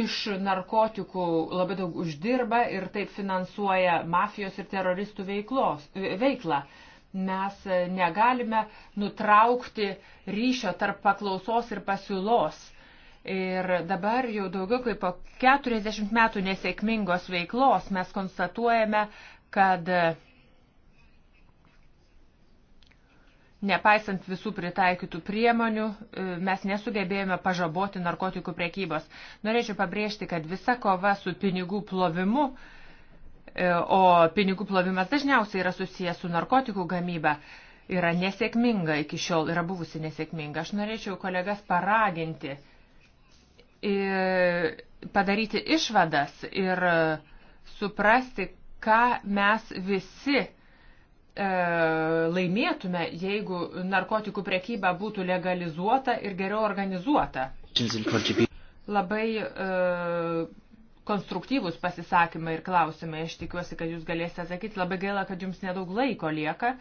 iš narkotikų labai daug uždirba ir taip finansuoja mafijos ir teroristų veiklos, e, veiklą mes negalime nutraukti ryšio tarp paklausos ir pasiūlos. Ir dabar jau daugiau kaip po 40 metų nesėkmingos veiklos mes konstatuojame, kad nepaisant visų pritaikytų priemonių, e, mes nesugebėjome pažaboti narkotikų prekybos. Norėčiau pabrėžti, kad visa kova su pinigų plovimu uh, E, o pinigų plovimas dažniausiai yra susijęs su narkotikų gamyba, yra nesėkminga iki šiol, yra buvusi nesėkminga. Aš norėčiau kolegas paraginti e, padaryti išvadas ir e, suprasti, ką mes visi laimėtume, jeigu narkotikų prekyba būtų legalizuota ir geriau organizuota. Labai uh, konstruktyvūs pasisakymai ir klausimai. Aš tikiuosi, kad jūs galėsite atsakyti. Labai gaila, kad jums nedaug laiko lieka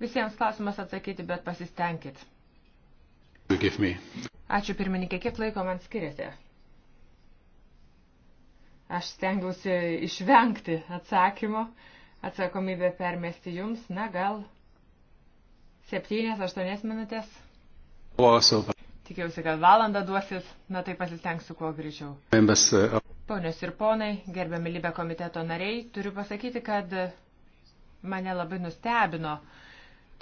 visiems klausimas atsakyti, bet pasistengkit. Ačiū pirmininkė, kiek laiko man skiriate? Aš stengiausi išvengti atsakymo, atsakomybę permesti jums, na gal 7-8 minutės. Tikiausi, kad valandą duosit, na tai pasistengsiu kuo greičiau. Uh, Ponios ir ponai, gerbiami Libė komiteto nariai, turiu pasakyti, kad mane labai nustebino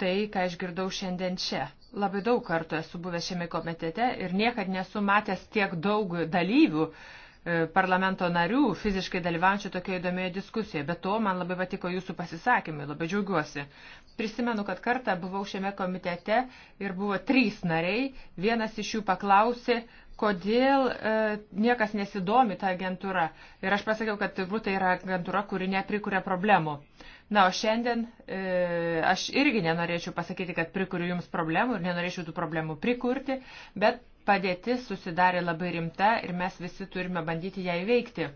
tai, ką išgirdau šiandien čia. Labai daug kartų esu buvęs šiame komitete ir niekad nesu matęs tiek daug dalyvių e, parlamento narių fiziškai dalyvaujančių tokioje įdomioje diskusijoje. Bet to man labai patiko jūsų pasisakymai, labai džiaugiuosi. Prisimenu, kad kartą buvau šiame komitete ir buvo trys nariai. Vienas iš jų paklausė, kodėl e, niekas nesidomi tą agentūrą. Ir aš pasakiau, kad turbūt tai yra agentūra, kuri neprikuria problemų. Na, o šiandien e, aš irgi nenorėčiau pasakyti, kad prikuriu jums problemų ir nenorėčiau tų problemų prikurti, bet padėtis susidarė labai rimta ir mes visi turime bandyti ją įveikti.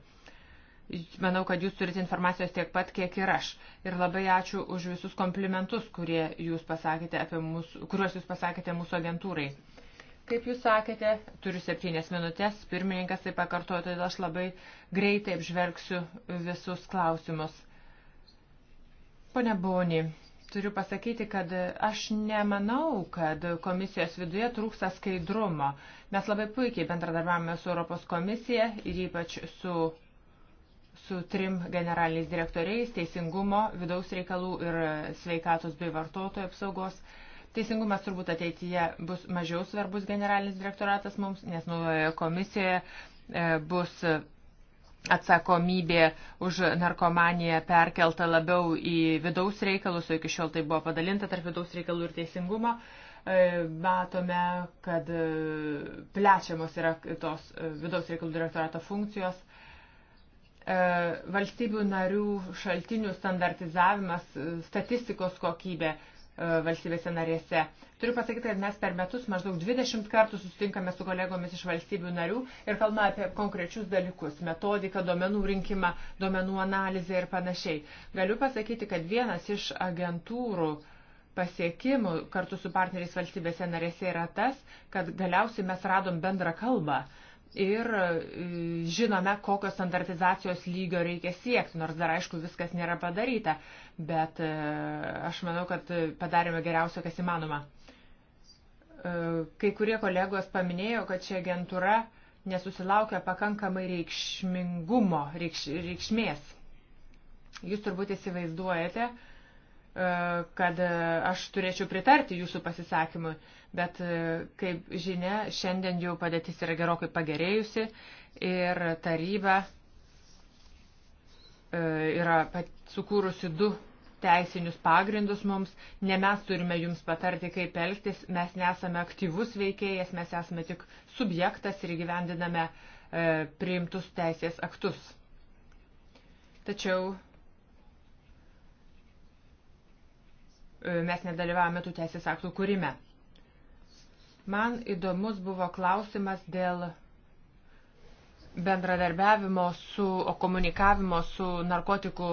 Manau, kad jūs turite informacijos tiek pat, kiek ir aš. Ir labai ačiū už visus komplimentus, jūs pasakėte mūsų, kuriuos jūs pasakėte mūsų agentūrai. Kaip jūs sakėte, turiu septynės minutės, pirmininkas taip pakartojo, todėl aš labai greitai apžvelgsiu visus klausimus. Pone Boni, turiu pasakyti, kad aš nemanau, kad komisijos viduje trūksta skaidrumo. Mes labai puikiai bendradarbiavame su Europos komisija ir ypač su, su trim generaliniais direktoriais - teisingumo, vidaus reikalų ir sveikatos bei vartotojų apsaugos. Uh, Teisingumas turbūt ateityje bus mažiau svarbus generalinis direktoratas mums, nes naujoje komisijoje e, bus atsakomybė už narkomaniją perkelta labiau į vidaus reikalus, o iki šiol tai buvo padalinta tarp vidaus reikalų ir teisingumo. E, matome, kad e, plečiamos yra tos vidaus reikalų direktorato funkcijos valstybių narių šaltinių standartizavimas, statistikos kokybė, E, valstybėse narėse. Turiu pasakyti, kad mes per metus maždaug 20 kartų susitinkame su kolegomis iš valstybių narių ir kalbame apie konkrečius dalykus - metodiką, duomenų rinkimą, duomenų analizę ir panašiai. Galiu pasakyti, kad vienas iš agentūrų pasiekimų kartu su partneriais valstybėse narėse yra tas, kad galiausiai mes radom bendrą kalbą. Uh, ir e, žinome, kokio standartizacijos lygio reikia siekti, nors dar aišku viskas nėra padaryta, bet e, aš manau, kad padarėme geriausio, kas įmanoma. E, kai kurie kolegos paminėjo, kad čia agentūra nesusilaukia pakankamai reikšmingumo, reikš, reikšmės. Jūs turbūt įsivaizduojate, E, kad e, aš turėčiau pritarti jūsų pasisakymui, bet e, kaip žinia, šiandien jau padėtis yra gerokai pagerėjusi ir taryba yra sukūrusi du teisinius pagrindus mums, ne mes turime jums patarti, kaip elgtis, mes nesame aktyvus veikėjas, mes esame tik subjektas ir gyvendiname e, priimtus teisės aktus. Tačiau E, mes nedalyvavome tų teisės aktų kūrime. Man įdomus buvo klausimas dėl bendradarbiavimo su, o komunikavimo su narkotikų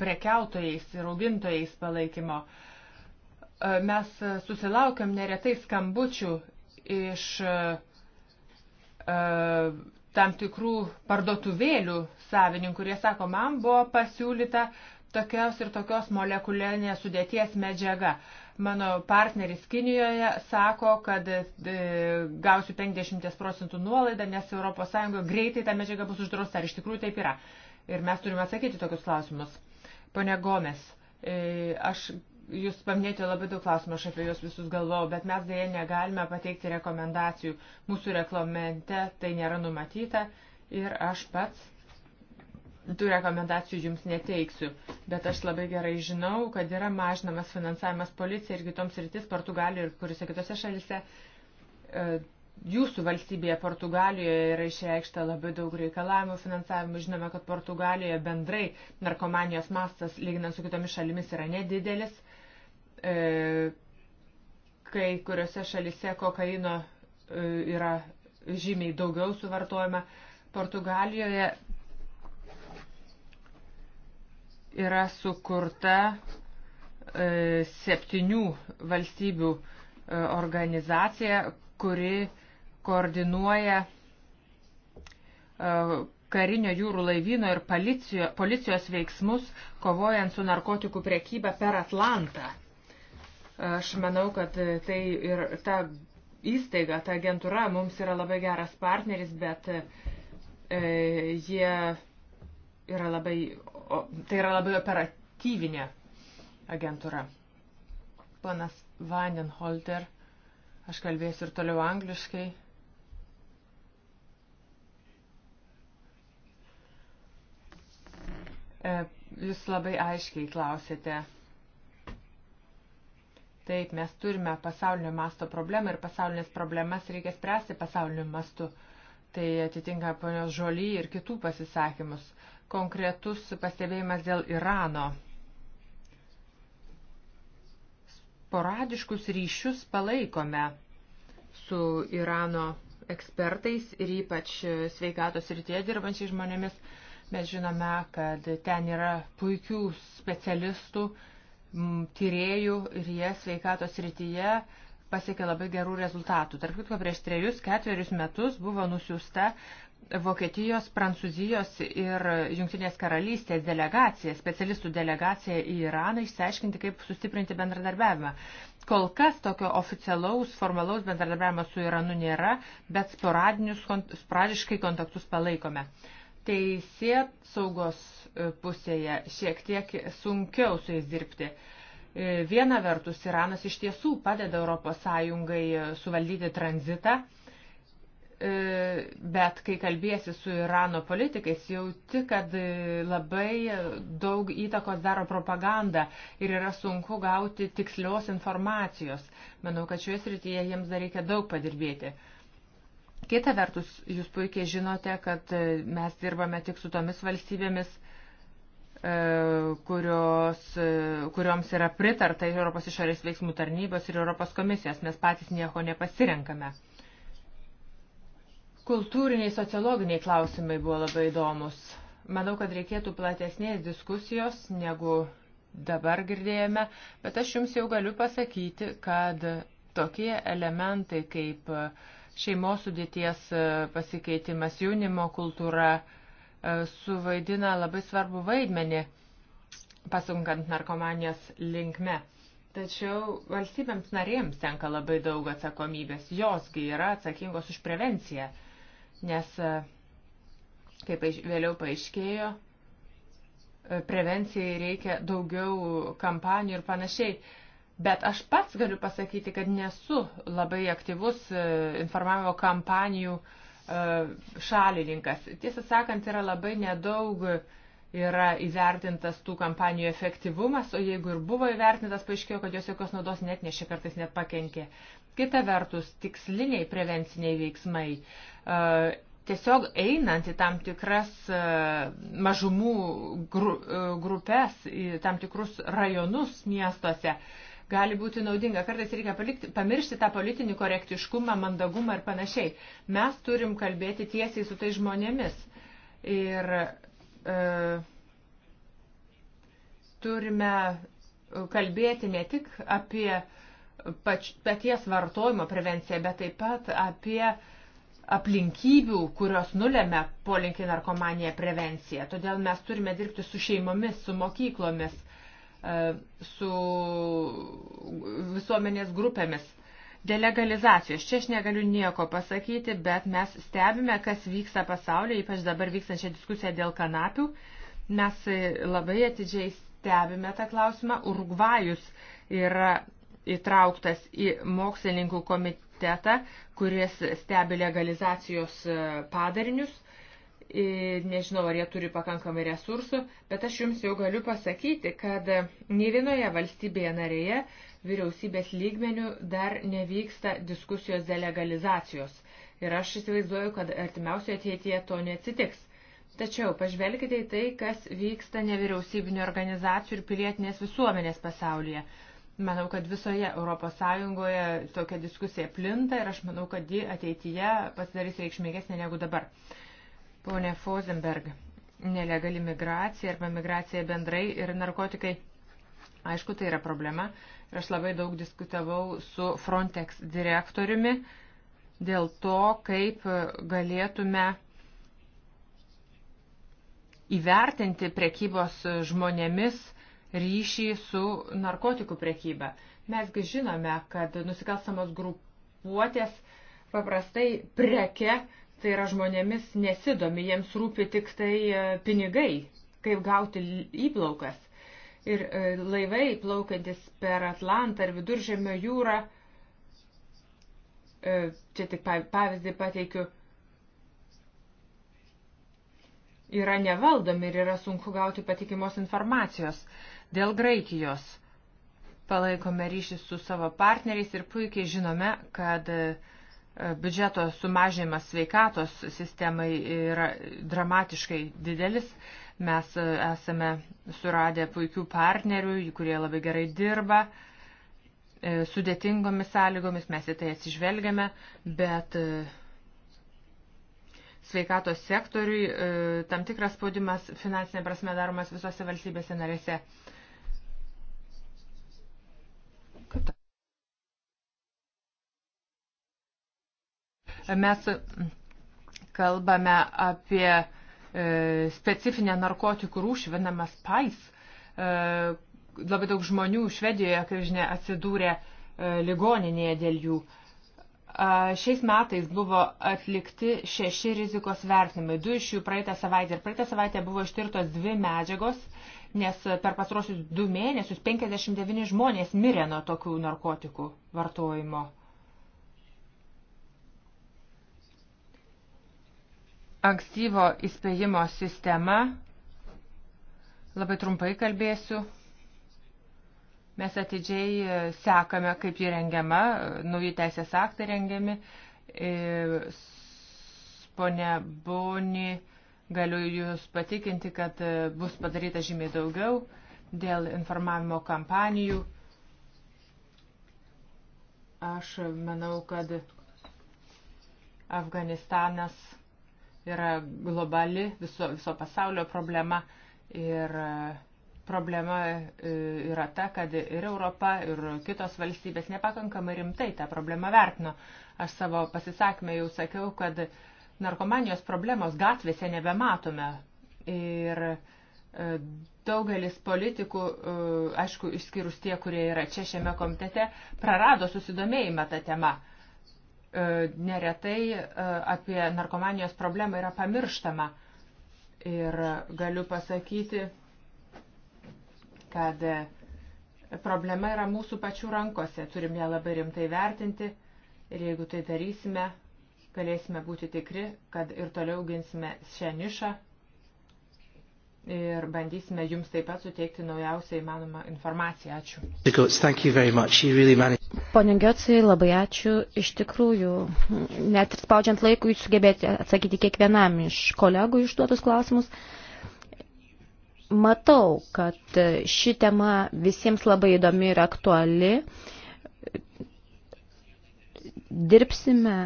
prekiautojais ir augintojais palaikymo. E, mes susilaukiam neretai skambučių iš e, tam tikrų parduotuvėlių savininkų, kurie sako, man buvo pasiūlyta tokios ir tokios molekulinės sudėties medžiaga. Mano partneris Kinijoje sako, kad e, gausiu 50 procentų nuolaidą, nes ES greitai ta medžiaga bus uždrausta. Ar iš tikrųjų taip yra? Ir mes turime atsakyti tokius klausimus. Pone Gomes, e, aš Jūs paminėjote labai daug klausimų, aš apie juos visus galvojau, bet mes dėje negalime pateikti rekomendacijų. Mūsų reglamente tai nėra numatyta ir aš pats tų rekomendacijų jums neteiksiu, bet aš labai gerai žinau, kad yra mažinamas finansavimas policija ir kitoms rytis Portugalijoje ir kuriuose kitose šalise. E, jūsų valstybėje Portugalijoje yra išreikšta labai daug reikalavimų finansavimų. Žinome, kad Portugalijoje bendrai narkomanijos mastas, lyginant su kitomis šalimis, yra nedidelis. E, kai kuriuose šalise kokaino e, yra žymiai daugiau suvartojama. Portugalijoje yra sukurta e, septynių valstybių e, organizacija, kuri koordinuoja e, karinio jūrų laivyno ir policijo, policijos veiksmus, kovojant su narkotikų priekyba per Atlantą. Aš manau, kad tai ir ta įstaiga, ta agentūra mums yra labai geras partneris, bet e, jie yra labai o, tai yra labai operatyvinė agentūra. Ponas Vandenholter, aš kalbėsiu ir toliau angliškai. E, jūs labai aiškiai klausėte. Taip, mes turime pasaulinio masto problemą ir pasaulinės problemas reikia spręsti pasaulinio mastu. Tai atitinka ponios Žoly ir kitų pasisakymus konkretus pastebėjimas dėl Irano. Sporadiškus ryšius palaikome su Irano ekspertais ir ypač sveikatos rytie dirbančiai žmonėmis. Mes žinome, kad ten yra puikių specialistų, tyriejų ir jie sveikatos rytyje pasiekė labai gerų rezultatų. Tarp kitko, prieš trejus, ketverius metus buvo nusiųsta Vokietijos, Prancūzijos ir Junktinės karalystės delegacija, specialistų delegacija į Iraną išsiaiškinti, kaip sustiprinti bendradarbiavimą. Kol kas tokio oficialaus, formalaus bendradarbiavimo su Iranu nėra, bet sporadiškai kontaktus palaikome. Teisė saugos e, pusėje šiek tiek sunkiau su jais dirbti. E, viena vertus, Iranas iš tiesų padeda ES e, suvaldyti tranzitą E, bet kai kalbėsi su Irano politikais, jauti, kad e, labai daug įtakos daro propaganda ir yra sunku gauti tikslios informacijos. Manau, kad šioje srityje jiems dar reikia daug padirbėti. Kita vertus, jūs puikiai žinote, kad e, mes dirbame tik su tomis valstybėmis, kurios, kurioms yra pritarta Europos išorės veiksmų tarnybos ir Europos komisijos, mes patys nieko nepasirenkame. Kultūriniai, sociologiniai klausimai buvo labai įdomus. Manau, kad reikėtų platesnės diskusijos negu dabar girdėjome, bet aš jums jau galiu pasakyti, kad tokie elementai kaip šeimos sudėties pasikeitimas, jaunimo kultūra e, suvaidina labai svarbu vaidmenį pasunkant narkomanijos linkme. Tačiau valstybėms narėms tenka labai daug atsakomybės, josgi yra atsakingos už prevenciją nes, e, kaip vėliau paaiškėjo, e, prevencijai reikia daugiau kampanijų ir panašiai. Bet aš pats galiu pasakyti, kad nesu labai aktyvus e, informavimo kampanijų šalininkas. Tiesą sakant, yra labai nedaug yra įvertintas tų kampanijų efektyvumas, o jeigu ir buvo įvertintas, paaiškėjo, kad jos jokios naudos net nešė, kartais net pakenkė. Kita vertus, tiksliniai prevenciniai veiksmai. E, tiesiog einant į tam tikras e, mažumų e, grupės, į tam tikrus rajonus miestuose, gali būti naudinga. Kartais reikia palikti, pamiršti tą politinį korektiškumą, mandagumą ir panašiai. Mes turim kalbėti tiesiai su tai žmonėmis. Ir E, turime kalbėti ne tik apie pač, paties vartojimo prevenciją, bet taip pat apie aplinkybių, kurios nulėmė polinkį narkomaniją prevenciją. Todėl mes turime dirbti su šeimomis, su mokyklomis, e, su visuomenės grupėmis Delegalizacijos. Čia aš negaliu nieko pasakyti, bet mes stebime, kas vyksta pasaulyje, ypač dabar vykstančią diskusiją dėl kanapių. Mes labai atidžiai stebime tą klausimą. Urugvajus yra įtrauktas į mokslininkų komitetą, kuris stebi legalizacijos e, padarinius e, nežinau, ar jie turi pakankamai resursų, bet aš jums jau galiu pasakyti, kad e, nei vienoje valstybėje narėje vyriausybės lygmenių dar nevyksta diskusijos dėl legalizacijos. Ir aš įsivaizduoju, kad artimiausioje ateityje to neatsitiks. Tačiau pažvelkite į tai, kas vyksta nevyriausybinio organizacijų ir pilietinės visuomenės pasaulyje. Manau, kad visoje ES tokia diskusija plinta ir aš manau, kad ji ateityje pasidarys reikšmingesnė negu dabar. Pone Fozenberg, nelegali migracija arba migracija bendrai ir narkotikai, aišku, tai yra problema, ir aš labai daug diskutavau su Frontex direktoriumi dėl to, kaip galėtume įvertinti prekybos žmonėmis ryšį su narkotikų prekyba. Mesgi žinome, kad nusikalstamos grupuotės paprastai preke, tai yra žmonėmis nesidomi, jiems rūpi tik tai e, pinigai, kaip gauti įplaukas. Ir e, laivai plaukantis per Atlantą ar viduržėmio jūrą, e, čia tik pavyzdį pateikiu, yra nevaldomi ir yra sunku gauti patikimos informacijos. Dėl Graikijos palaikome ryšį su savo partneriais ir puikiai žinome, kad e, biudžeto sumažinimas sveikatos sistemai yra dramatiškai didelis. Mes e, esame suradę puikių partnerių, kurie labai gerai dirba e, sudėtingomis sąlygomis, mes į tai atsižvelgiame, bet e, sveikatos sektoriui tam tikras spaudimas finansinė prasme daromas visose valstybėse narėse. Mes kalbame apie E, specifinę narkotikų rūšį, vadinamą spice. E, labai daug žmonių Švedijoje, kaip žinia, atsidūrė e, ligoninėje dėl jų. Šiais metais buvo atlikti šeši rizikos vertinimai, du iš jų praeitą savaitę. Ir praeitą savaitę buvo ištirtos dvi medžiagos, nes per pastarosius du mėnesius 59 žmonės mirė nuo tokių narkotikų vartojimo. ankstyvo įspėjimo sistema, labai trumpai kalbėsiu, mes atidžiai sekame, kaip ji rengiama, nauji teisės aktai rengiami. E, Pone Boni, galiu Jūs patikinti, kad bus padaryta žymiai daugiau dėl informavimo kampanijų. Aš manau, kad Afganistanas yra globali viso, viso pasaulio problema ir e, problema e, yra ta, kad ir Europa, ir kitos valstybės nepakankamai rimtai tą problemą vertino. Aš savo pasisakymę jau sakiau, kad narkomanijos problemos gatvėse nebematome. Ir e, daugelis politikų, aišku, išskyrus tie, kurie yra čia šiame komitete, prarado susidomėjimą tą temą. E, neretai e, apie narkomanijos problemą yra pamirštama. Ir galiu pasakyti, kad e, problema yra mūsų pačių rankose, turim ją labai rimtai vertinti ir jeigu tai darysime, galėsime būti tikri, kad ir toliau ginsime šią nišą ir bandysime jums taip pat suteikti naujausią įmanomą informaciją. Ačiū. Pone Giocai, labai ačiū. Iš tikrųjų, net ir spaudžiant laikų, jūs sugebėjote atsakyti kiekvienam iš kolegų išduotus klausimus. Matau, kad ši tema visiems labai įdomi ir aktuali. Dirbsime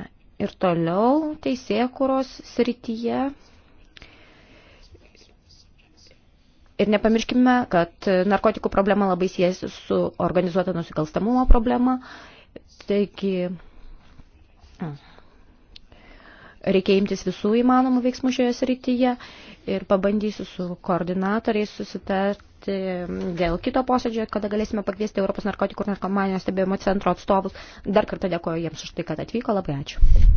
ir toliau teisėkuros srityje. Ir nepamirškime, kad narkotikų problema labai siejasi su organizuota nusikalstamumo problema. Taigi reikia imtis visų įmanomų veiksmų šioje srityje ir pabandysiu su koordinatoriais susitarti dėl kito posėdžio, kada galėsime pakviesti Europos narkotikų ir narkomanijos stebėjimo centro atstovus. Dar kartą dėkoju jiems už tai, kad atvyko. Labai ačiū.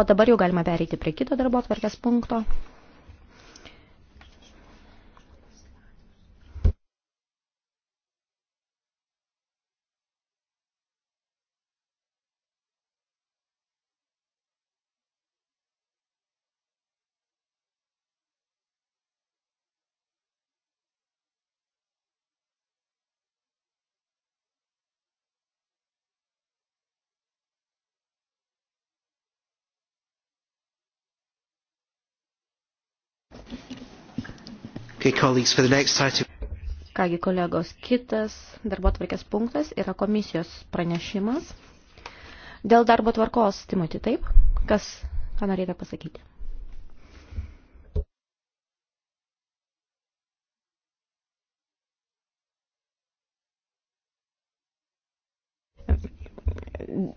O dabar jau galima pereiti prie kito darbo atverkės punkto. Okay, colleagues, for the next item. Kągi kolegos, kitas darbo tvarkės punktas yra komisijos pranešimas. Dėl darbo tvarkos, Timoti, taip? Kas, ką norėjote pasakyti?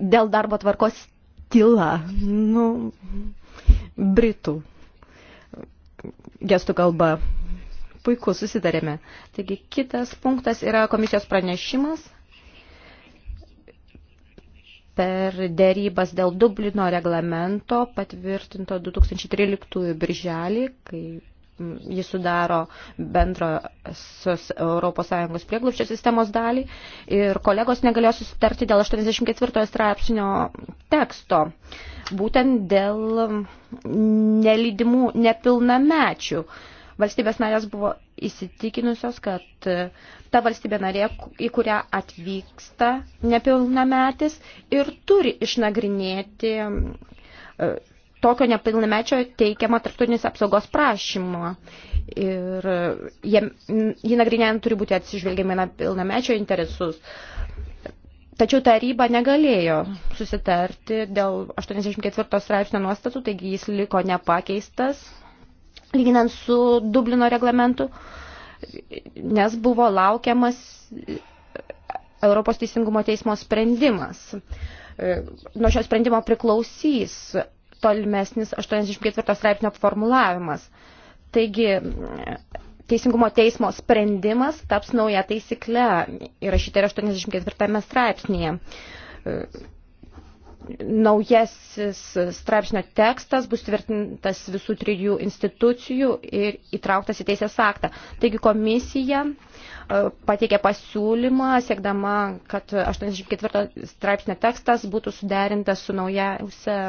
Dėl darbo tvarkos tyla, nu, britų gestų kalba Puiku, susidarėme. Taigi kitas punktas yra komisijos pranešimas per dėrybas dėl Dublino reglamento patvirtinto 2013 birželį, kai jis sudaro bendrosios ES prieglupščio sistemos dalį ir kolegos negalėjo susitarti dėl 84 straipsnio teksto, būtent dėl nelydimų nepilnamečių. mečių valstybės narės buvo įsitikinusios, kad e, ta valstybė narė, į kurią atvyksta nepilnametis ir turi išnagrinėti e, tokio nepilnamečio teikiamą tarptautinės apsaugos prašymą. Ir e, jį nagrinėjant turi būti atsižvelgiami nepilnamečio interesus. Tačiau taryba negalėjo susitarti dėl 84 straipsnio nuostatų, taigi jis liko nepakeistas lyginant su Dublino reglamentu, nes buvo laukiamas Europos teisingumo teismo sprendimas. E, nuo šio sprendimo priklausys tolimesnis 84 straipsnio formulavimas. Taigi, Teisingumo teismo sprendimas taps nauja taisykle įrašyta ir 84 straipsnėje. E, naujasis straipsnio tekstas bus tvirtintas visų trijų institucijų ir įtrauktas į teisės aktą. Taigi komisija e, pateikė pasiūlymą, siekdama, kad 84 straipsnio tekstas būtų suderintas su naujausia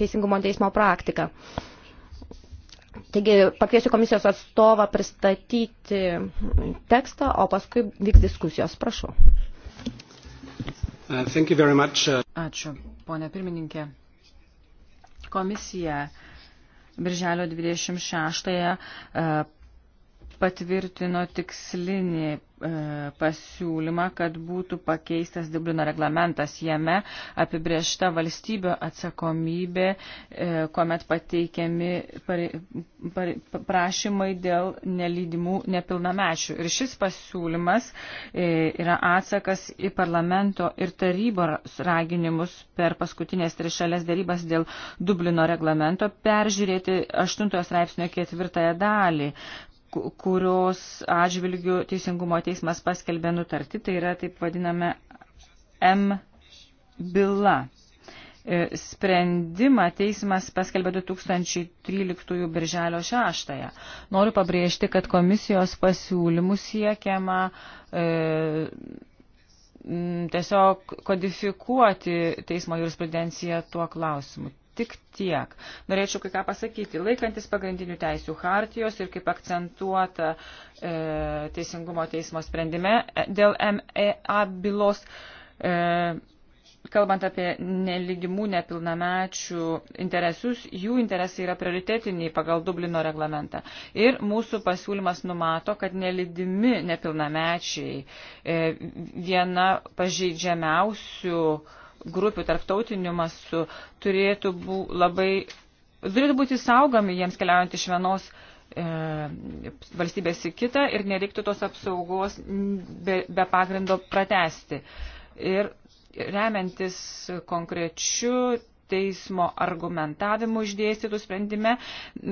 teisingumo teismo praktika. Taigi pakviesiu komisijos atstovą pristatyti tekstą, o paskui vyks diskusijos. Prašau. Uh, uh, Ačiū, ponė pirmininkė. Komisija Birželio 26 uh, patvirtino tikslinį E, pasiūlymą, kad būtų pakeistas Dublino reglamentas. Jame apibriešta valstybė atsakomybė, e, kuomet pateikiami prašymai dėl nelydimų nepilnamečių. Ir šis pasiūlymas e, yra atsakas į parlamento ir tarybos raginimus per paskutinės trišalės darybas dėl Dublino reglamento peržiūrėti 8 straipsnio ketvirtąją dalį, kurios atžvilgių Teisingumo teismas paskelbė nutarti, tai yra taip vadiname M byla. E, sprendimą teismas paskelbė 2013 birželio 6. Noriu pabrėžti, kad komisijos pasiūlymų siekiama e, tiesiog kodifikuoti teismo jurisprudenciją tuo klausimu tik tiek. Norėčiau kai ką pasakyti. Laikantis pagrindinių teisių hartijos ir kaip akcentuota e, Teisingumo teismo sprendime e, dėl MEA bylos, e, kalbant apie neligimų nepilnamečių interesus, jų interesai yra prioritetiniai pagal Dublino reglamentą. Ir mūsų pasiūlymas numato, kad nelidimi nepilnamečiai e, viena pažeidžiamiausių e, grupių tarptautiniu masu turėtų, bū, labai, turėtų būti saugomi jiems keliaujant iš vienos e, valstybės į kitą ir nereiktų tos apsaugos be, be pagrindo pratesti. Ir remiantis konkrečiu teismo argumentavimu išdėstytų sprendime,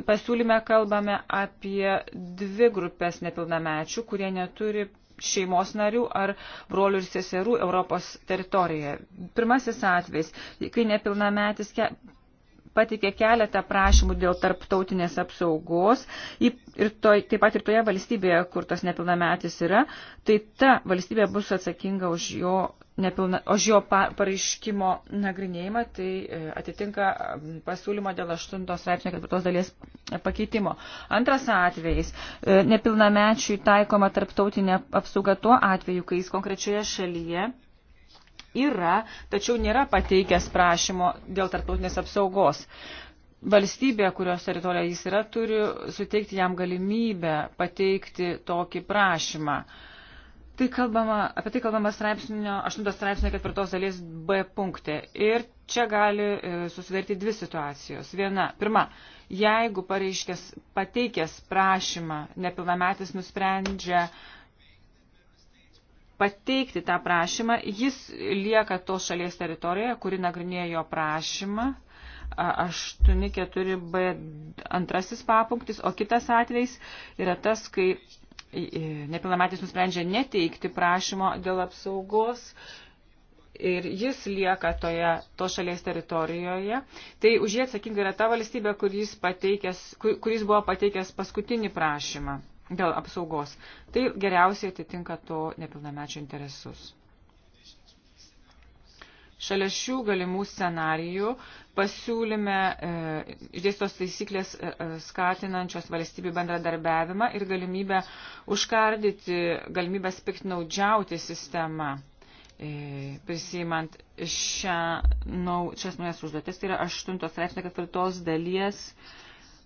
pasiūlyme kalbame apie dvi grupės nepilnamečių, kurie neturi šeimos narių ar brolių ir seserų Europos teritorijoje. Pirmasis atvejs, kai nepilnametis ke pateikė keletą prašymų dėl tarptautinės apsaugos ir to, taip pat ir toje valstybėje, kur tas nepilnametis yra, tai ta valstybė bus atsakinga už jo nepilna, už jo pareiškimo nagrinėjimą, tai e, atitinka pasiūlymo dėl 8 straipsnio 4 dalies pakeitimo. Antras atvejais e, - nepilnamečiui taikoma tarptautinė apsauga tuo atveju, kai jis konkrečioje šalyje yra, tačiau nėra pateikęs prašymo dėl tarptautinės apsaugos. Valstybė, kurios teritorijoje jis yra, turi suteikti jam galimybę pateikti tokį prašymą. Uh, Tai kalbama, apie tai kalbama straipsnio, 8 straipsnio ketvirtos dalies B punkte. Ir čia gali e, susidaryti dvi situacijos. Viena, pirma, jeigu pareiškęs pateikęs prašymą, nepilnametis nusprendžia pateikti tą prašymą, jis lieka tos šalies teritorijoje, kuri nagrinėjo prašymą. 8.4b antrasis papunktis, o kitas atvejs yra tas, kai nepilnametis nusprendžia neteikti prašymo dėl apsaugos ir jis lieka toje, to šalies teritorijoje, tai už jį atsakinga yra ta valstybė, kuris, pateikęs, kur, kuris buvo pateikęs paskutinį prašymą dėl apsaugos. Tai geriausiai atitinka to nepilnamečio interesus. Šalia šių galimų scenarijų pasiūlyme e, išdėstos taisyklės e, e, skatinančios valstybių bendradarbiavimą ir galimybę užkardyti galimybę piktnaudžiauti sistemą e, prisijimant šią, nau, šias naujas užduotis. Tai yra 8 straipsnio ketvirtos dalies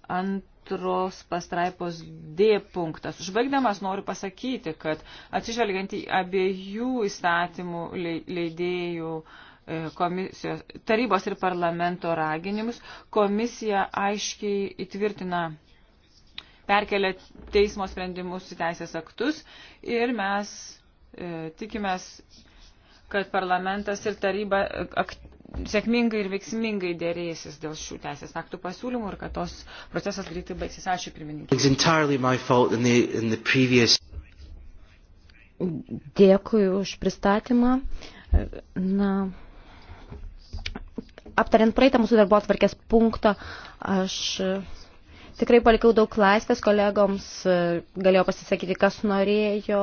antros pastraipos D punktas. Užbaigdamas noriu pasakyti, kad atsižvelgiant į abiejų įstatymų leidėjų e, komisijos, tarybos ir parlamento raginimus, komisija aiškiai įtvirtina perkelia teismo sprendimus į teisės aktus ir mes e, tikimės, kad parlamentas ir taryba e, ak, sėkmingai ir veiksmingai dėrėsis dėl šių teisės aktų pasiūlymų ir kad tos procesas greitai baigsis. Ačiū pirmininkai. Dėkui už pristatymą. Na, aptariant praeitą mūsų darbo atvarkės punktą, aš e, tikrai palikau daug laisvės kolegoms, e, galėjo pasisakyti, kas norėjo,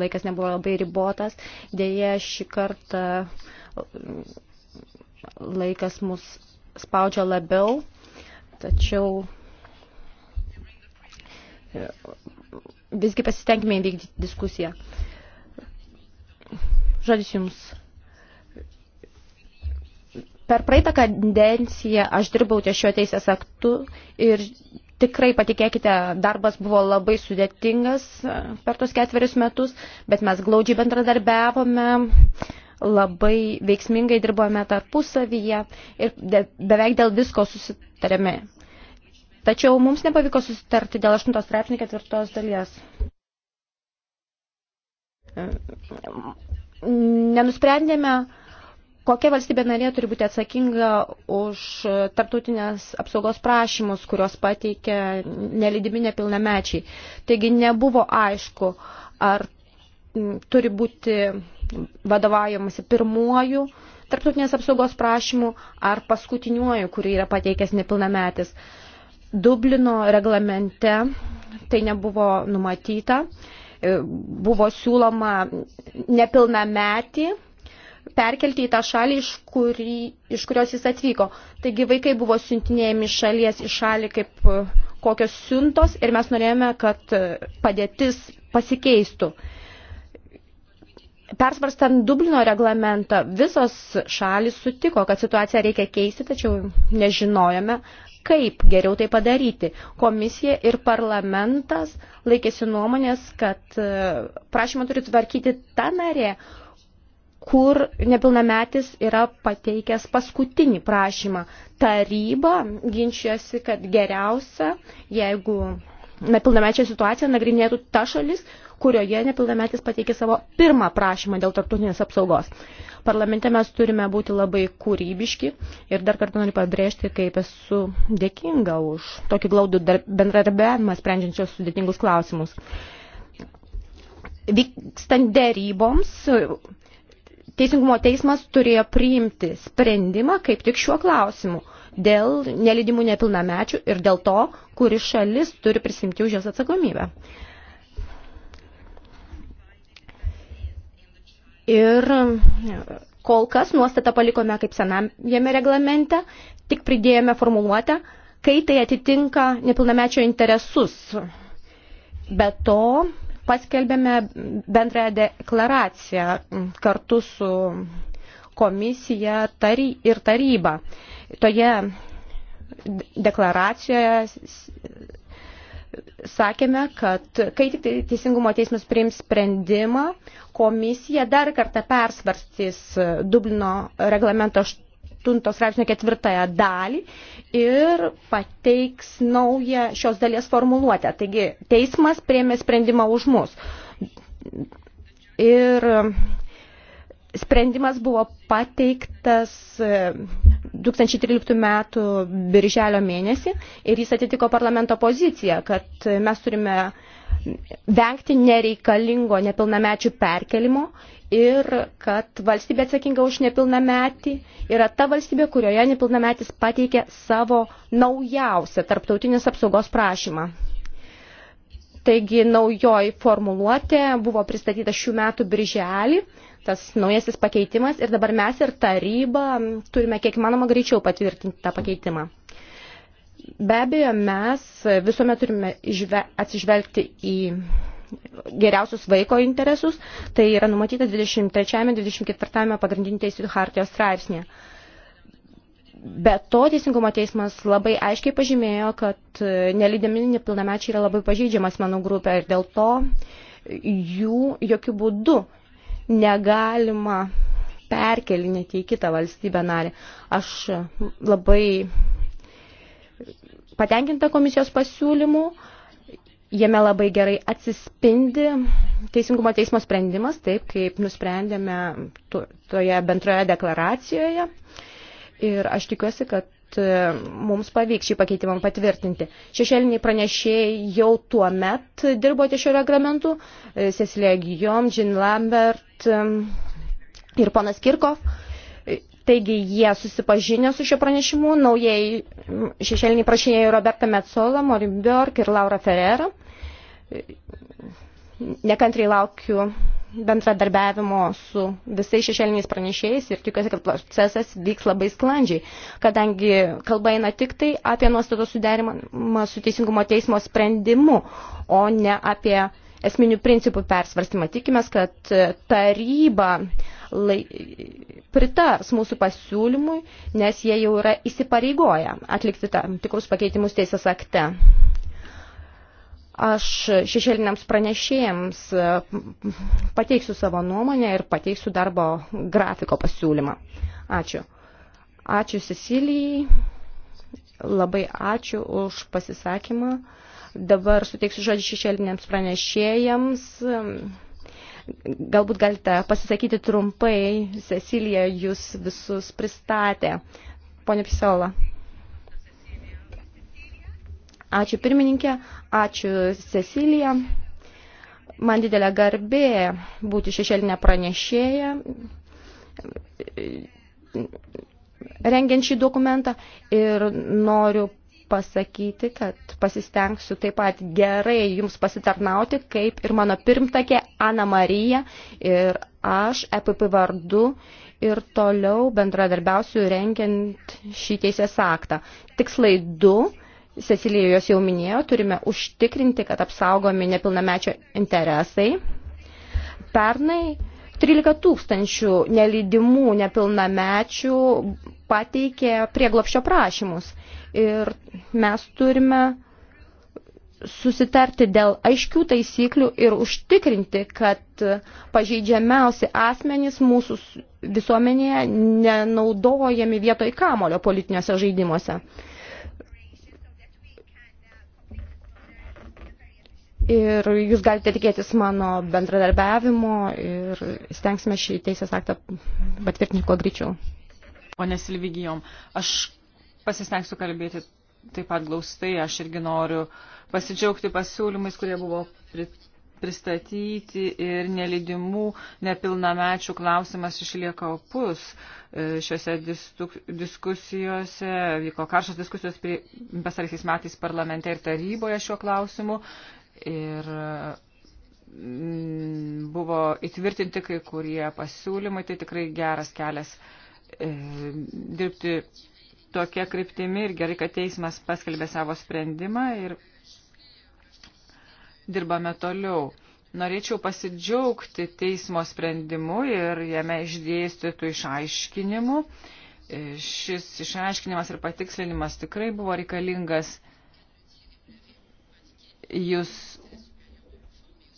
laikas nebuvo labai ribotas, dėje šį kartą e, laikas mus spaudžia labiau, tačiau visgi pasistengime įvykdyti diskusiją. Žodis Jums. Per praeitą kadenciją aš dirbau ties šio teisės aktu ir tikrai patikėkite, darbas buvo labai sudėtingas e, per tos ketverius metus, bet mes glaudžiai bendradarbiavome, labai veiksmingai dirbome tarpusavyje ir beveik dėl visko susitarėme. Tačiau mums nepavyko susitarti dėl 8 straipsnio ketvirtos dalies. E, nenusprendėme, kokia valstybė narė turi būti atsakinga už tarptautinės apsaugos prašymus, kurios pateikia nelydimi nepilnamečiai. Taigi nebuvo aišku, ar turi būti vadovaujamasi pirmuoju tarptautinės apsaugos prašymu ar paskutiniuoju, kurį yra pateikęs nepilnametis. Dublino reglamente tai nebuvo numatyta. E, buvo siūloma nepilnametį perkelti į tą šalį, iš, kurį, iš kurios jis atvyko. Taigi vaikai buvo siuntinėjami iš šalies į šalį kaip e, kokios siuntos ir mes norėjome, kad e, padėtis pasikeistų. Persvarstant Dublino reglamentą, visos šalis sutiko, kad situaciją reikia keisti, tačiau nežinojome, kaip geriau tai padaryti. Komisija ir parlamentas laikėsi nuomonės, kad e, prašymą turi tvarkyti ta narė, kur nepilnametis yra pateikęs paskutinį prašymą. Taryba ginčiasi, kad geriausia, jeigu nepilnamečio situaciją nagrinėtų ta šalis, kurioje nepilnametis pateikė savo pirmą prašymą dėl tarptautinės apsaugos. Parlamente mes turime būti labai kūrybiški ir dar kartą noriu pabrėžti, kaip esu dėkinga už tokį glaudų bendradarbiavimą sprendžiančios sudėtingus klausimus. Vykstant dėryboms Teisingumo teismas turėjo priimti sprendimą kaip tik šiuo klausimu dėl nelidimų nepilnamečių ir dėl to, kuri šalis turi prisimti už jos atsakomybę. Ir kol kas nuostatą palikome kaip senamjame reglamente, tik pridėjome formuluotę, kai tai atitinka nepilnamečio interesus. Be to, paskelbėme bendrąją deklaraciją kartu su komisija tary, ir taryba. Toje deklaracijoje sakėme, kad kai tik Teisingumo teismas priims sprendimą, komisija dar kartą persvarstys Dublino reglamento 8 straipsnio ketvirtąją dalį ir pateiks naują šios dalies formuluotę. Taigi teismas priėmė sprendimą už mus. Ir sprendimas buvo pateiktas 2013 e, metų birželio mėnesį ir jis atitiko parlamento poziciją, kad mes turime uh, vengti nereikalingo nepilnamečių perkelimo ir kad valstybė atsakinga už nepilnametį yra ta valstybė, kurioje nepilnametis pateikia savo naujausią tarptautinės apsaugos prašymą. Taigi naujoji formuluotė buvo pristatyta šių metų birželį, tas naujasis pakeitimas ir dabar mes ir taryba turime kiek manoma greičiau patvirtinti tą pakeitimą. Be abejo, mes visuomet turime atsižvelgti į geriausius vaiko interesus, tai yra numatyta 23-24 pagrindinių teisų hartijos straipsnėje. Be to, Teisingumo teismas labai aiškiai pažymėjo, kad e, nelydami nepilnamečiai yra labai pažydžiamas mano grupė ir dėl to jų jokių būdų negalima perkelinėti į kitą valstybę narį. Aš labai patenkinta komisijos pasiūlymų. Jame labai gerai atsispindi Teisingumo teismo sprendimas, taip kaip nusprendėme toje bendroje deklaracijoje. Ir aš tikiuosi, kad e, mums pavyks šį pakeitimą patvirtinti. Šešėliniai pranešėjai jau tuo met dirbo ties šio reglamentu, e, Cecilia Gijom, Jean Lambert e, ir ponas Kirkov. Taigi jie susipažinę su šio pranešimu, naujai šešėliniai prašinėjai Roberta Metzola, Morin Bjork ir Laura Ferrera. Nekantriai laukiu bendradarbiavimo su visais šešėliniais pranešėjais ir tikiuosi, kad procesas vyks labai sklandžiai, kadangi kalba eina tik tai apie nuostatos suderimą su Teisingumo teismo sprendimu, o ne apie esminių principų persvarstymą. Tikimės, kad taryba uh, lai, pritars mūsų pasiūlymui, nes jie jau yra įsipareigoję atlikti tam tikrus pakeitimus teisės akte. Aš šešėliniams pranešėjams e, pateiksiu savo nuomonę ir pateiksiu darbo grafiko pasiūlymą. Ačiū. Ačiū Cecilijai. Labai ačiū už pasisakymą. Dabar suteiksiu žodį šešėliniams pranešėjams. Galbūt galite pasisakyti trumpai, Cecilija jūs visus pristatė. Pone Pisola. Ačiū pirmininkė, ačiū Cecilija. Man didelė garbė būti šešėlinė pranešėja, rengiant šį dokumentą ir noriu pasakyti, kad pasistengsiu taip pat gerai jums pasitarnauti, kaip ir mano pirmtakė Ana Marija ir aš EPP vardu ir toliau bendradarbiausiu rengiant šį teisės aktą. Tikslai 2, Cecilija jos jau minėjo, turime užtikrinti, kad apsaugomi nepilnamečio interesai. Pernai 13 tūkstančių nelydimų nepilnamečių pateikė prieglopščio prašymus. Ir mes turime susitarti dėl aiškių taisyklių ir užtikrinti, kad pažeidžiamiausi asmenys mūsų visuomenėje nenaudojami vietoj kamolio politiniuose žaidimuose. Ir jūs galite tikėtis mano bendradarbiavimo ir stengsime šį teisės aktą patvirtinti kuo greičiau. Pone Silvigijom, aš pasistengsiu kalbėti taip pat glaustai, aš irgi noriu pasidžiaugti pasiūlymais, kurie buvo pristatyti ir nelidimų nepilnamečių klausimas išlieka opus. E, šiuose diskusijose vyko karštos diskusijos pasaraisiais metais parlamente ir taryboje šiuo klausimu ir mm, buvo įtvirtinti kai kurie pasiūlymai, tai tikrai geras kelias e, dirbti tokia kryptimi ir gerai, kad teismas paskelbė savo sprendimą ir dirbame toliau. Norėčiau pasidžiaugti teismo sprendimu ir jame išdėstytų išaiškinimu. E, šis išaiškinimas ir patikslinimas tikrai buvo reikalingas jūs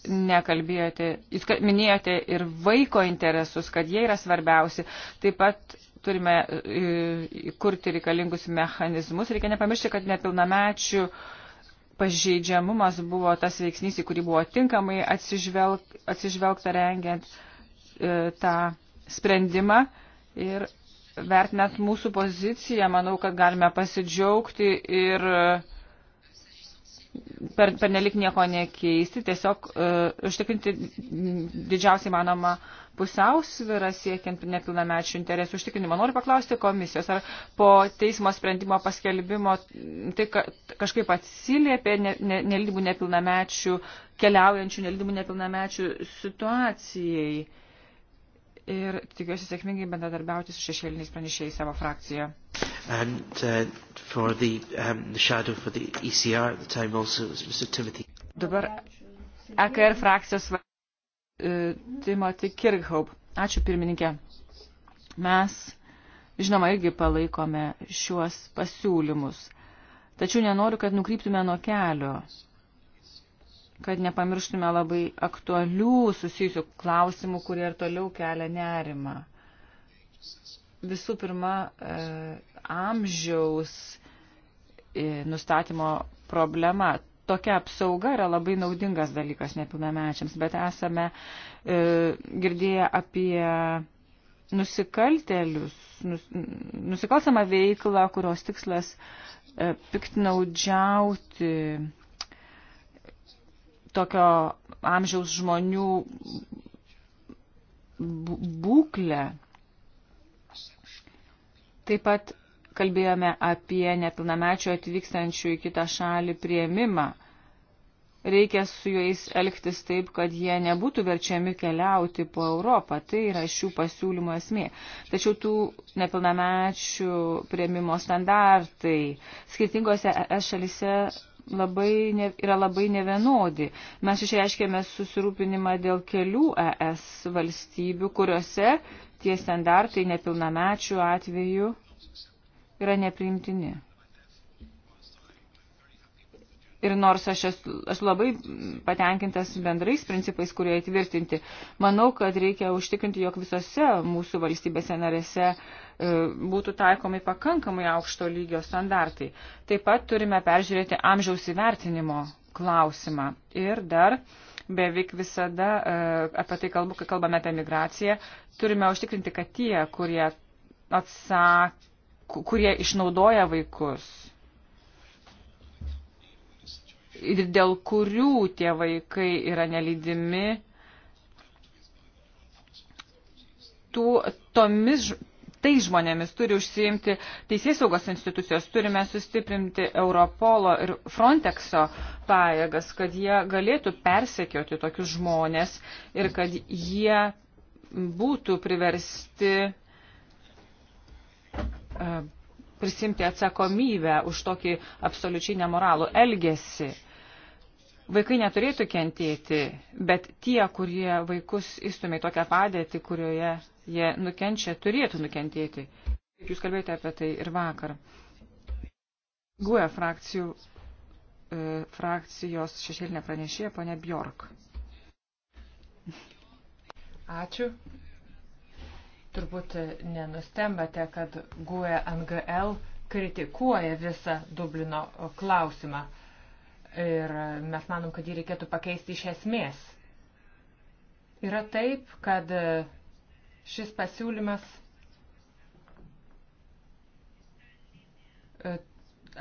nekalbėjote, jūs minėjote ir vaiko interesus, kad jie yra svarbiausi. Taip pat turime e, kurti reikalingus mechanizmus. Reikia nepamiršti, kad nepilnamečių pažeidžiamumas buvo tas veiksnys, į kurį buvo tinkamai atsižvelg, atsižvelgta rengiant e, tą sprendimą. Ir vertinant mūsų poziciją, manau, kad galime pasidžiaugti ir e, per, per nelik nieko nekeisti, tiesiog uh, užtikrinti didžiausiai manoma pusiausvyrą siekiant nepilnamečių interesų užtikrinimo. Noriu paklausti komisijos, ar po teismo sprendimo paskelbimo tai ka, kažkaip atsiliepė ne, ne, nelydimų nepilnamečių, keliaujančių nelydimų nepilnamečių situacijai. Uh, ir tikiuosi sėkmingai bendradarbiauti su šešėliniais pranešėjais savo frakcijoje. And, uh, the, um, the ECR, the e Dabar EKR frakcijos uh, Timothy Kirkhope. Ačiū pirmininkė. Mes, žinoma, irgi palaikome šiuos pasiūlymus, tačiau nenoriu, kad nukryptume nuo kelio kad nepamirštume labai aktualių susijusių klausimų, kurie ir toliau kelia nerimą. Visų pirma, e, amžiaus e, nustatymo problema. Tokia apsauga yra labai naudingas dalykas nepilnamečiams, bet esame e, girdėję apie nusikaltelius, nus, nusikalstamą veiklą, kurios tikslas e, piktnaudžiauti tokio amžiaus žmonių būklę. Taip pat kalbėjome apie nepilnamečių atvykstančių į kitą šalį prieimimą. Reikia su jais elgtis taip, kad jie nebūtų verčiami keliauti po Europą. Tai yra šių pasiūlymų esmė. Tačiau tų nepilnamečių prieimimo standartai skirtingose e-, e šalise labai ne, yra labai nevienodi. Mes išreiškėme susirūpinimą dėl kelių ES valstybių, kuriuose tie standartai nepilnamečių atveju yra nepriimtini. Ir nors aš esu aš labai patenkintas bendrais principais, kurie įtvirtinti, manau, kad reikia užtikrinti, jog visose mūsų valstybėse narėse e, būtų taikomi pakankamai aukšto lygio standartai. Taip pat turime peržiūrėti amžiaus įvertinimo klausimą. Ir dar beveik visada e, apie tai kalbu, kai kalbame apie migraciją, turime užtikrinti, kad tie, kurie, atsak, kurie išnaudoja vaikus, ir dėl kurių tie vaikai yra nelydimi, tų, tomis, tai žmonėmis turi užsiimti teisės saugos institucijos, turime sustiprinti Europolo ir Frontexo pajėgas, kad jie galėtų persekioti tokius žmonės ir kad jie būtų priversti e, prisimti atsakomybę už tokį absoliučiai nemoralų elgesį. Vaikai neturėtų kentėti, bet tie, kurie vaikus įstumia į tokią padėtį, kurioje jie nukenčia, turėtų nukentėti. Kaip jūs kalbėjote apie tai ir vakar. GUE frakcijų, e, frakcijos šešėlinė pranešėja, ponė Bjork. Ačiū. Turbūt nenustembate, kad GUE NGL kritikuoja visą Dublino klausimą ir mes manom, kad jį reikėtų pakeisti iš esmės. Yra taip, kad šis pasiūlymas e,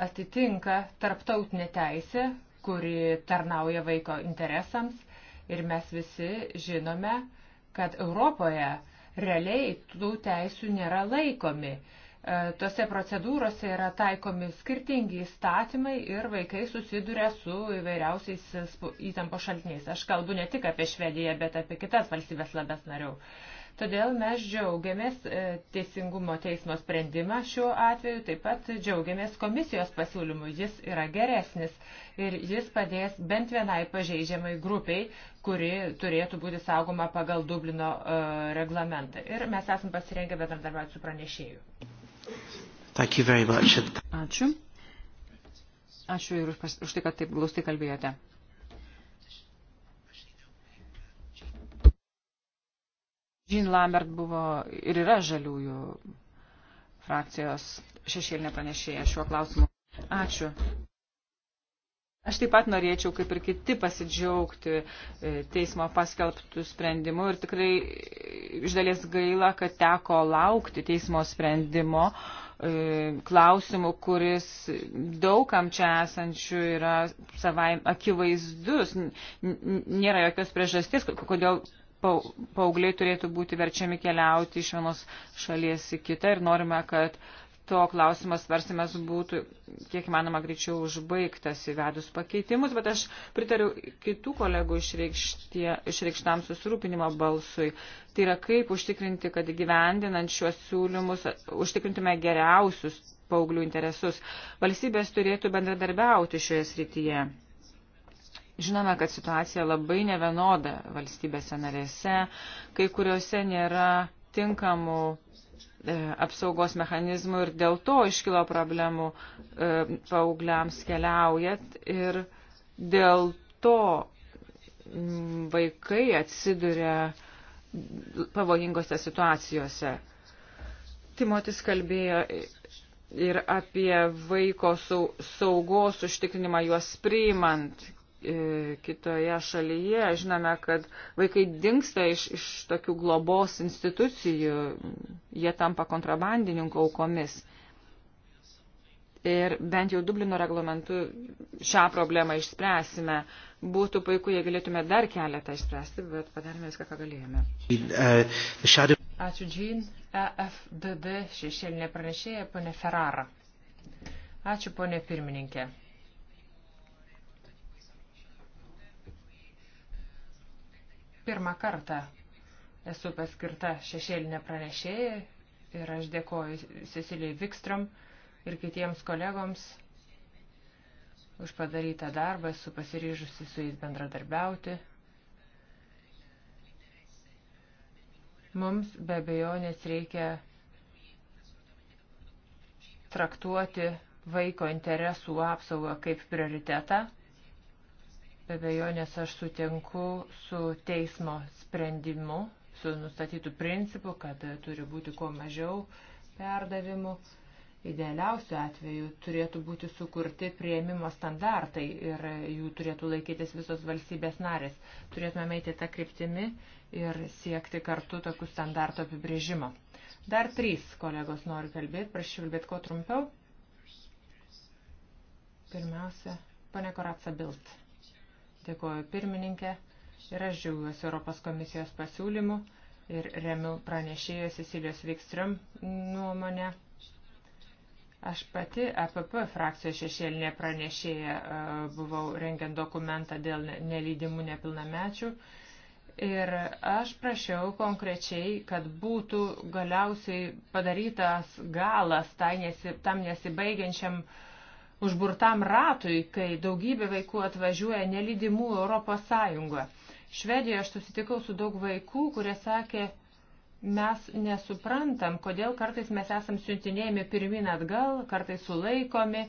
atitinka tarptautinė teisė, kuri tarnauja vaiko interesams ir mes visi žinome, kad Europoje realiai tų teisių nėra laikomi. E, tose procedūrose yra taikomi skirtingi įstatymai ir vaikai susiduria su įvairiausiais įtampos šaltiniais. Aš kalbu ne tik apie Švediją, bet apie kitas valstybės labės nariau. Todėl mes džiaugiamės e, Teisingumo teismo sprendimą šiuo atveju, taip pat džiaugiamės komisijos pasiūlymu, jis yra geresnis ir jis padės bent vienai pažeidžiamai grupiai, kuri turėtų būti saugoma pagal Dublino e, reglamentą. Ir mes esam pasirengę bendradarbiauti su pranešėju. Ačiū. Ačiū ir už tai, kad taip glaustai kalbėjote. Jean Lambert buvo ir yra žaliųjų frakcijos šešėlinė pranešėja šiuo klausimu. Ačiū. Aš taip pat norėčiau, kaip ir kiti, pasidžiaugti e, teismo paskelbtų sprendimų ir tikrai e, iš dalies gaila, kad teko laukti teismo sprendimo e, klausimų, kuris daugam čia esančių yra savai akivaizdus. Nėra jokios priežasties, kodėl paaugliai turėtų būti verčiami keliauti iš vienos šalies į kitą ir norime, kad uh, to klausimo svarstymas būtų kiek įmanoma greičiau užbaigtas įvedus pakeitimus, bet aš pritariu kitų kolegų išreikštam susirūpinimo balsui. Tai yra kaip užtikrinti, kad gyvendinant šiuos siūlymus užtikrintume geriausius paauglių interesus. Valstybės turėtų bendradarbiauti šioje srityje. Žinome, kad situacija labai nevienoda valstybėse narėse, kai kuriuose nėra tinkamų E, apsaugos mechanizmų ir dėl to iškilo problemų e, paaugliams keliaujat ir dėl to mm, vaikai atsiduria pavojingose situacijose. Timotis kalbėjo ir apie vaiko saugos užtikrinimą juos priimant, E, kitoje šalyje. Žinome, kad vaikai dinksta iš, iš tokių globos institucijų, jie tampa kontrabandininkų aukomis. Ir bent jau Dublino reglamentu šią problemą išspręsime. Būtų puiku, jei galėtume dar keletą išspręsti, bet padarėme viską, ką galėjome. Ačiū, Džin. EFDD šešėlinė pranešėja, ponė Ferrara. Ačiū, ponė pirmininkė. pirmą kartą esu paskirta šešėlinė pranešėja ir aš dėkoju Cecilijai Vikstrom ir kitiems kolegoms už padarytą darbą, esu pasiryžusi su jais bendradarbiauti. Mums be abejonės reikia traktuoti vaiko interesų apsaugą kaip prioritetą Be bejonės aš sutinku su teismo sprendimu, su nustatytų principu, kad turi būti kuo mažiau perdavimų. Idealiausiu atveju turėtų būti sukurti prieimimo standartai ir jų turėtų laikytis visos valstybės narės. Turėtume eiti tą kryptimį ir siekti kartu tokių standartų apibrėžimo. Dar trys kolegos nori kalbėti, prašau kalbėti kuo trumpiau. Pirmiausia, pane Koratsa Bilt. Dėkuoju pirmininkė ir aš džiaugiuosi Europos komisijos pasiūlymu ir remiu pranešėjos Cecilijos Vikstrom nuomonę. Aš pati APP frakcijos šešėlinė pranešėja e, buvau rengiant dokumentą dėl nelydimų nepilnamečių. Ir aš prašiau konkrečiai, kad būtų galiausiai padarytas galas tai nesi, tam nesibaigiančiam uh, užburtam ratui, kai daugybė vaikų atvažiuoja nelydimų Europos Sąjungoje. Švedijoje aš susitikau su daug vaikų, kurie sakė, mes nesuprantam, kodėl kartais mes esam siuntinėjami pirmin atgal, kartais sulaikomi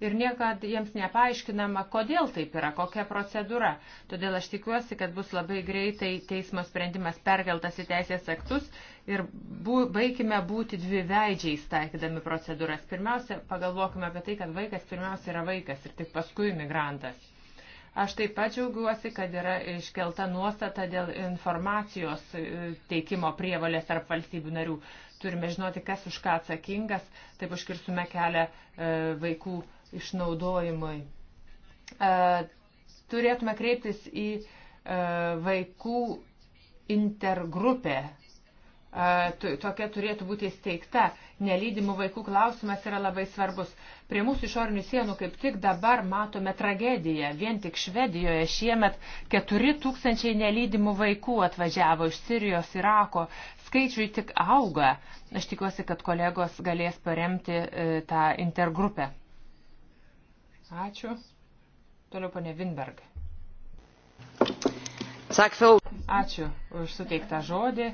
ir niekad jiems nepaaiškinama, kodėl taip yra, kokia procedūra. Todėl aš tikiuosi, kad bus labai greitai teismo sprendimas perkeltas į teisės aktus ir bū, baigime būti dviveidžiais taikydami procedūras. Pirmiausia, pagalvokime apie tai, kad vaikas pirmiausia yra vaikas ir tik paskui imigrantas. Aš taip pat džiaugiuosi, kad yra iškelta nuostata dėl informacijos e, teikimo prievalės tarp valstybių narių. Turime žinoti, kas už ką atsakingas, taip užkirsime kelią e, vaikų išnaudojimui. E, turėtume kreiptis į e, vaikų intergrupę. E, tokia turėtų būti įsteigta. Nelydimų vaikų klausimas yra labai svarbus. Prie mūsų išorinių sienų kaip tik dabar matome tragediją. Vien tik Švedijoje šiemet 4 tūkstančiai nelydimų vaikų atvažiavo iš Sirijos, Irako. Skaičiui tik auga. Aš tikiuosi, kad kolegos galės paremti tą intergrupę. Ačiū. Toliau ponė Vinberg. Ačiū už suteiktą žodį.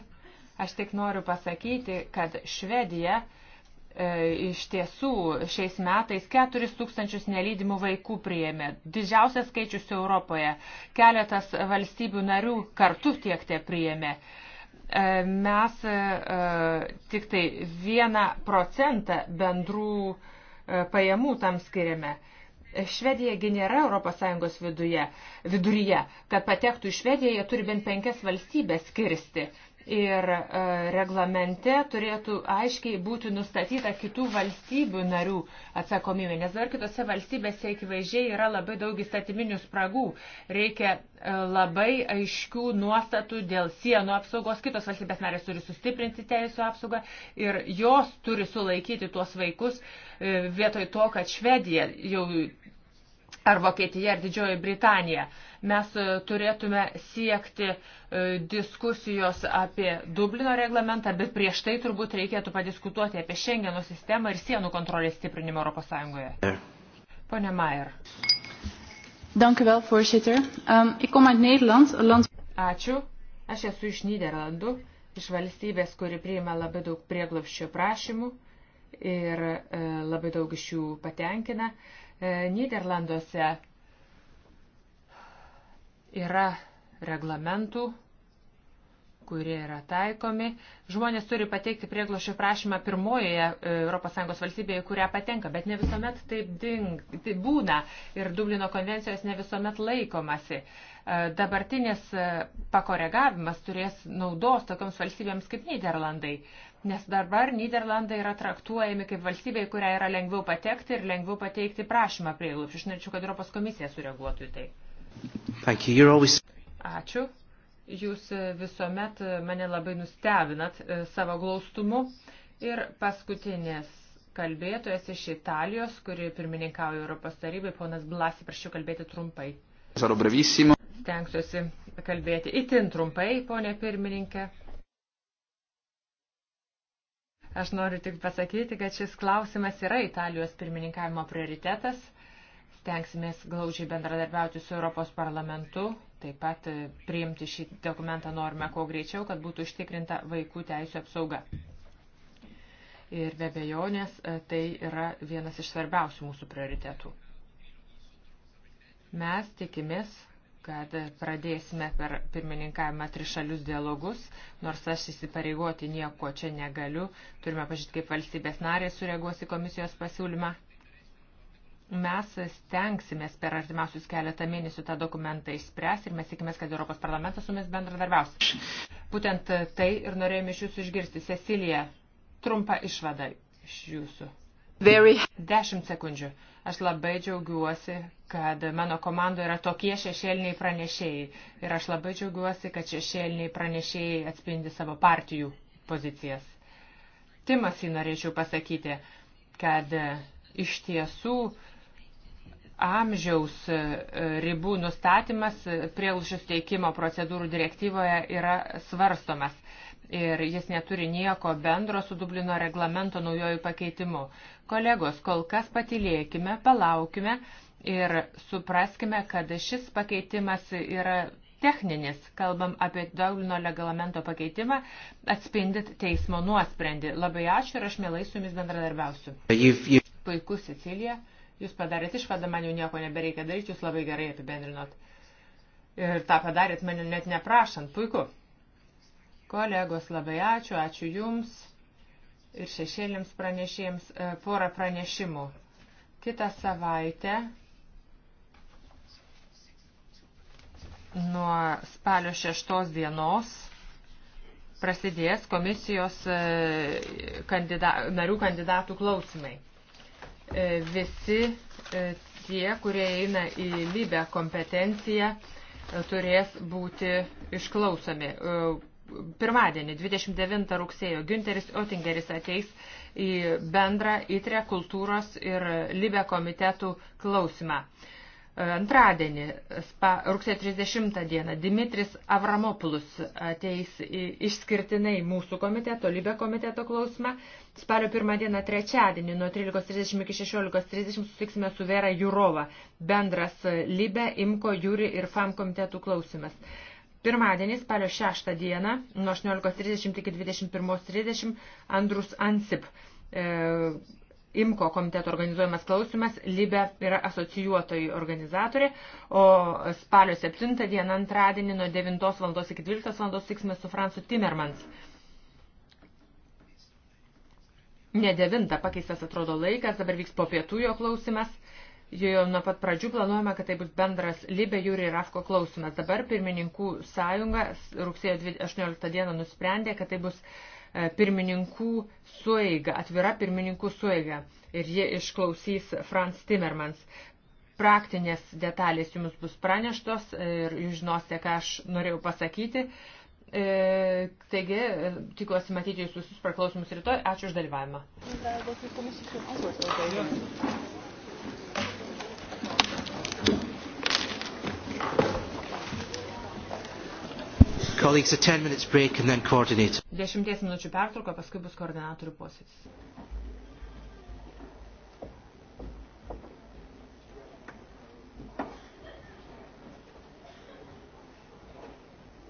Aš tik noriu pasakyti, kad Švedija e, iš tiesų šiais metais 4 tūkstančius nelydimų vaikų priėmė. Didžiausias skaičius Europoje. Keletas valstybių narių kartu tiek te priėmė. E, mes e, e tik tai 1 procentą bendrų e, pajamų tam skiriame. E, Švedija gi nėra ES viduje, viduryje. Kad patektų į Švediją, jie turi bent penkias valstybės kirsti ir e, reglamente turėtų aiškiai būti nustatyta kitų valstybių narių atsakomybė, nes dabar kitose valstybėse akivaizdžiai yra labai daug įstatyminių spragų. Reikia e, labai aiškių nuostatų dėl sienų apsaugos, kitos valstybės narės turi sustiprinti teisų apsaugą ir jos turi sulaikyti tuos vaikus e, vietoj to, kad Švedija jau ar Vokietija ar Didžioji Britanija uh, Mes e, turėtume siekti e, diskusijos apie Dublino reglamentą, bet prieš tai turbūt reikėtų padiskutuoti apie Schengeno sistemą ir sienų kontrolės stiprinimą ES. Pone Maier. Dank u wel, voorzitter. Um, ik kom uit Nederland, een land... Ačiū. Aš esu iš Niderlandų, iš valstybės, kuri priima labai daug prieglapščio prašymų ir e, labai daug iš jų patenkina. E, Niderlanduose Yra reglamentų, kurie yra taikomi. Žmonės turi pateikti prieglošio prašymą pirmojoje ES valstybėje, kurią patenka, bet ne visuomet taip ding, tai būna ir Dublino konvencijos ne visuomet laikomasi. E, Dabartinės e, pakoregavimas turės naudos tokioms valstybėms kaip Niderlandai, nes dabar Niderlandai yra traktuojami kaip valstybė, į kurią yra lengviau patekti ir lengviau pateikti prašymą prieglobšio. Aš norėčiau, kad Europos komisija sureaguotų į tai. Thank you. You're always... Ačiū. Jūs e, visuomet e, mane labai nustebinat e, savo glaustumu. Ir paskutinės kalbėtojas iš Italijos, kuri pirmininkauja Europos tarybai, ponas Blasi, prašau kalbėti trumpai. Stengsiuosi kalbėti itin trumpai, ponė pirmininkė. Aš noriu tik pasakyti, kad šis klausimas yra Italijos pirmininkavimo prioritetas Tenksimės glaučiai bendradarbiauti su Europos parlamentu, taip pat e, priimti šį dokumentą norime kuo greičiau, kad būtų užtikrinta vaikų teisų apsauga. Ir be bejonės e, tai yra vienas iš svarbiausių mūsų prioritetų. Mes tikimės, kad pradėsime per pirmininkavimą trišalius dialogus, nors aš įsipareigoti nieko čia negaliu. Turime pažiūrėti, kaip valstybės narės sureaguos į komisijos pasiūlymą. Mes stengsimės per artimiausius keletą mėnesių tą dokumentą išspręsti ir mes tikimės, kad Europos parlamentas su mumis bendradarbiaus. Būtent tai ir norėjome iš jūsų išgirsti. Cecilija, trumpa išvada iš jūsų. Very. Dešimt sekundžių. Aš labai džiaugiuosi, kad mano komandoje yra tokie šešėliniai pranešėjai. Ir aš labai džiaugiuosi, kad šešėliniai pranešėjai atspindi savo partijų pozicijas. Timas jį norėčiau pasakyti, kad iš tiesų uh, amžiaus e, ribų nustatymas e, prielušių steikimo procedūrų direktyvoje yra svarstomas. Ir jis neturi nieko bendro su Dublino reglamento naujojų pakeitimu. Kolegos, kol kas patylėkime, palaukime ir supraskime, kad šis pakeitimas yra techninis, kalbam apie Dublino reglamento pakeitimą, atspindit teismo nuosprendį. Labai ačiū ir aš mielai su jumis bendradarbiausiu. Puiku, Cecilija. Jūs padarėt išvadą, man jau nieko nebereikia daryti, jūs labai gerai apibendrinot. Ir tą padarėt mane net neprašant, puiku. Kolegos, labai ačiū, ačiū Jums ir šešėlėms pranešėjams e, porą pranešimų. Kitą savaitę nuo spalio šeštos dienos prasidės komisijos e, kandida narių kandidatų klausimai. E, visi e, tie, kurie eina į lybę kompetenciją, e, turės būti išklausomi. Pirmadienį, 29 rugsėjo, Günteris Otingeris ateis į bendrą įtrę kultūros ir lybę komitetų klausimą. Antradienį, spa, rugsėjo 30 dieną, Dimitris Avramopoulos ateis į išskirtinai mūsų komiteto, lybę komiteto klausimą Spalio pirmą dieną trečiadienį nuo 13.30 iki 16.30 susitiksime su Vera Jurova, bendras e, Libe, Imko, Jūri ir FAM komitetų klausimas. Pirmadienį, spalio 6 dieną, nuo 18.30 iki 21.30, Andrus Ansip, e, IMKO komiteto organizuojamas klausimas, Libe yra asocijuotoji organizatorė, o spalio 7 dieną, antradienį, nuo 9 val. iki 12 val. susitiksime su Fransu Timmermans ne devinta, pakeistas atrodo laikas, dabar vyks po pietų jo klausimas. Jojo nuo pat pradžių planuojama, kad tai bus bendras Libė, Jūri ir Afko klausimas. Dabar pirmininkų sąjunga rugsėjo 18 dieną nusprendė, kad tai bus e, pirmininkų sueiga, atvira pirmininkų sueiga. Ir jie išklausys Franz Timmermans. Praktinės detalės jums bus praneštos ir jūs žinosite, ką aš norėjau pasakyti. E, taigi, e, tikiuosi matyti jūs visus praklausimus rytoj. Ačiū už dalyvavimą. Colleagues, a 10 minutes break and then coordinate. Dešimties minučių pertrauka, paskui bus koordinatorių posėdis.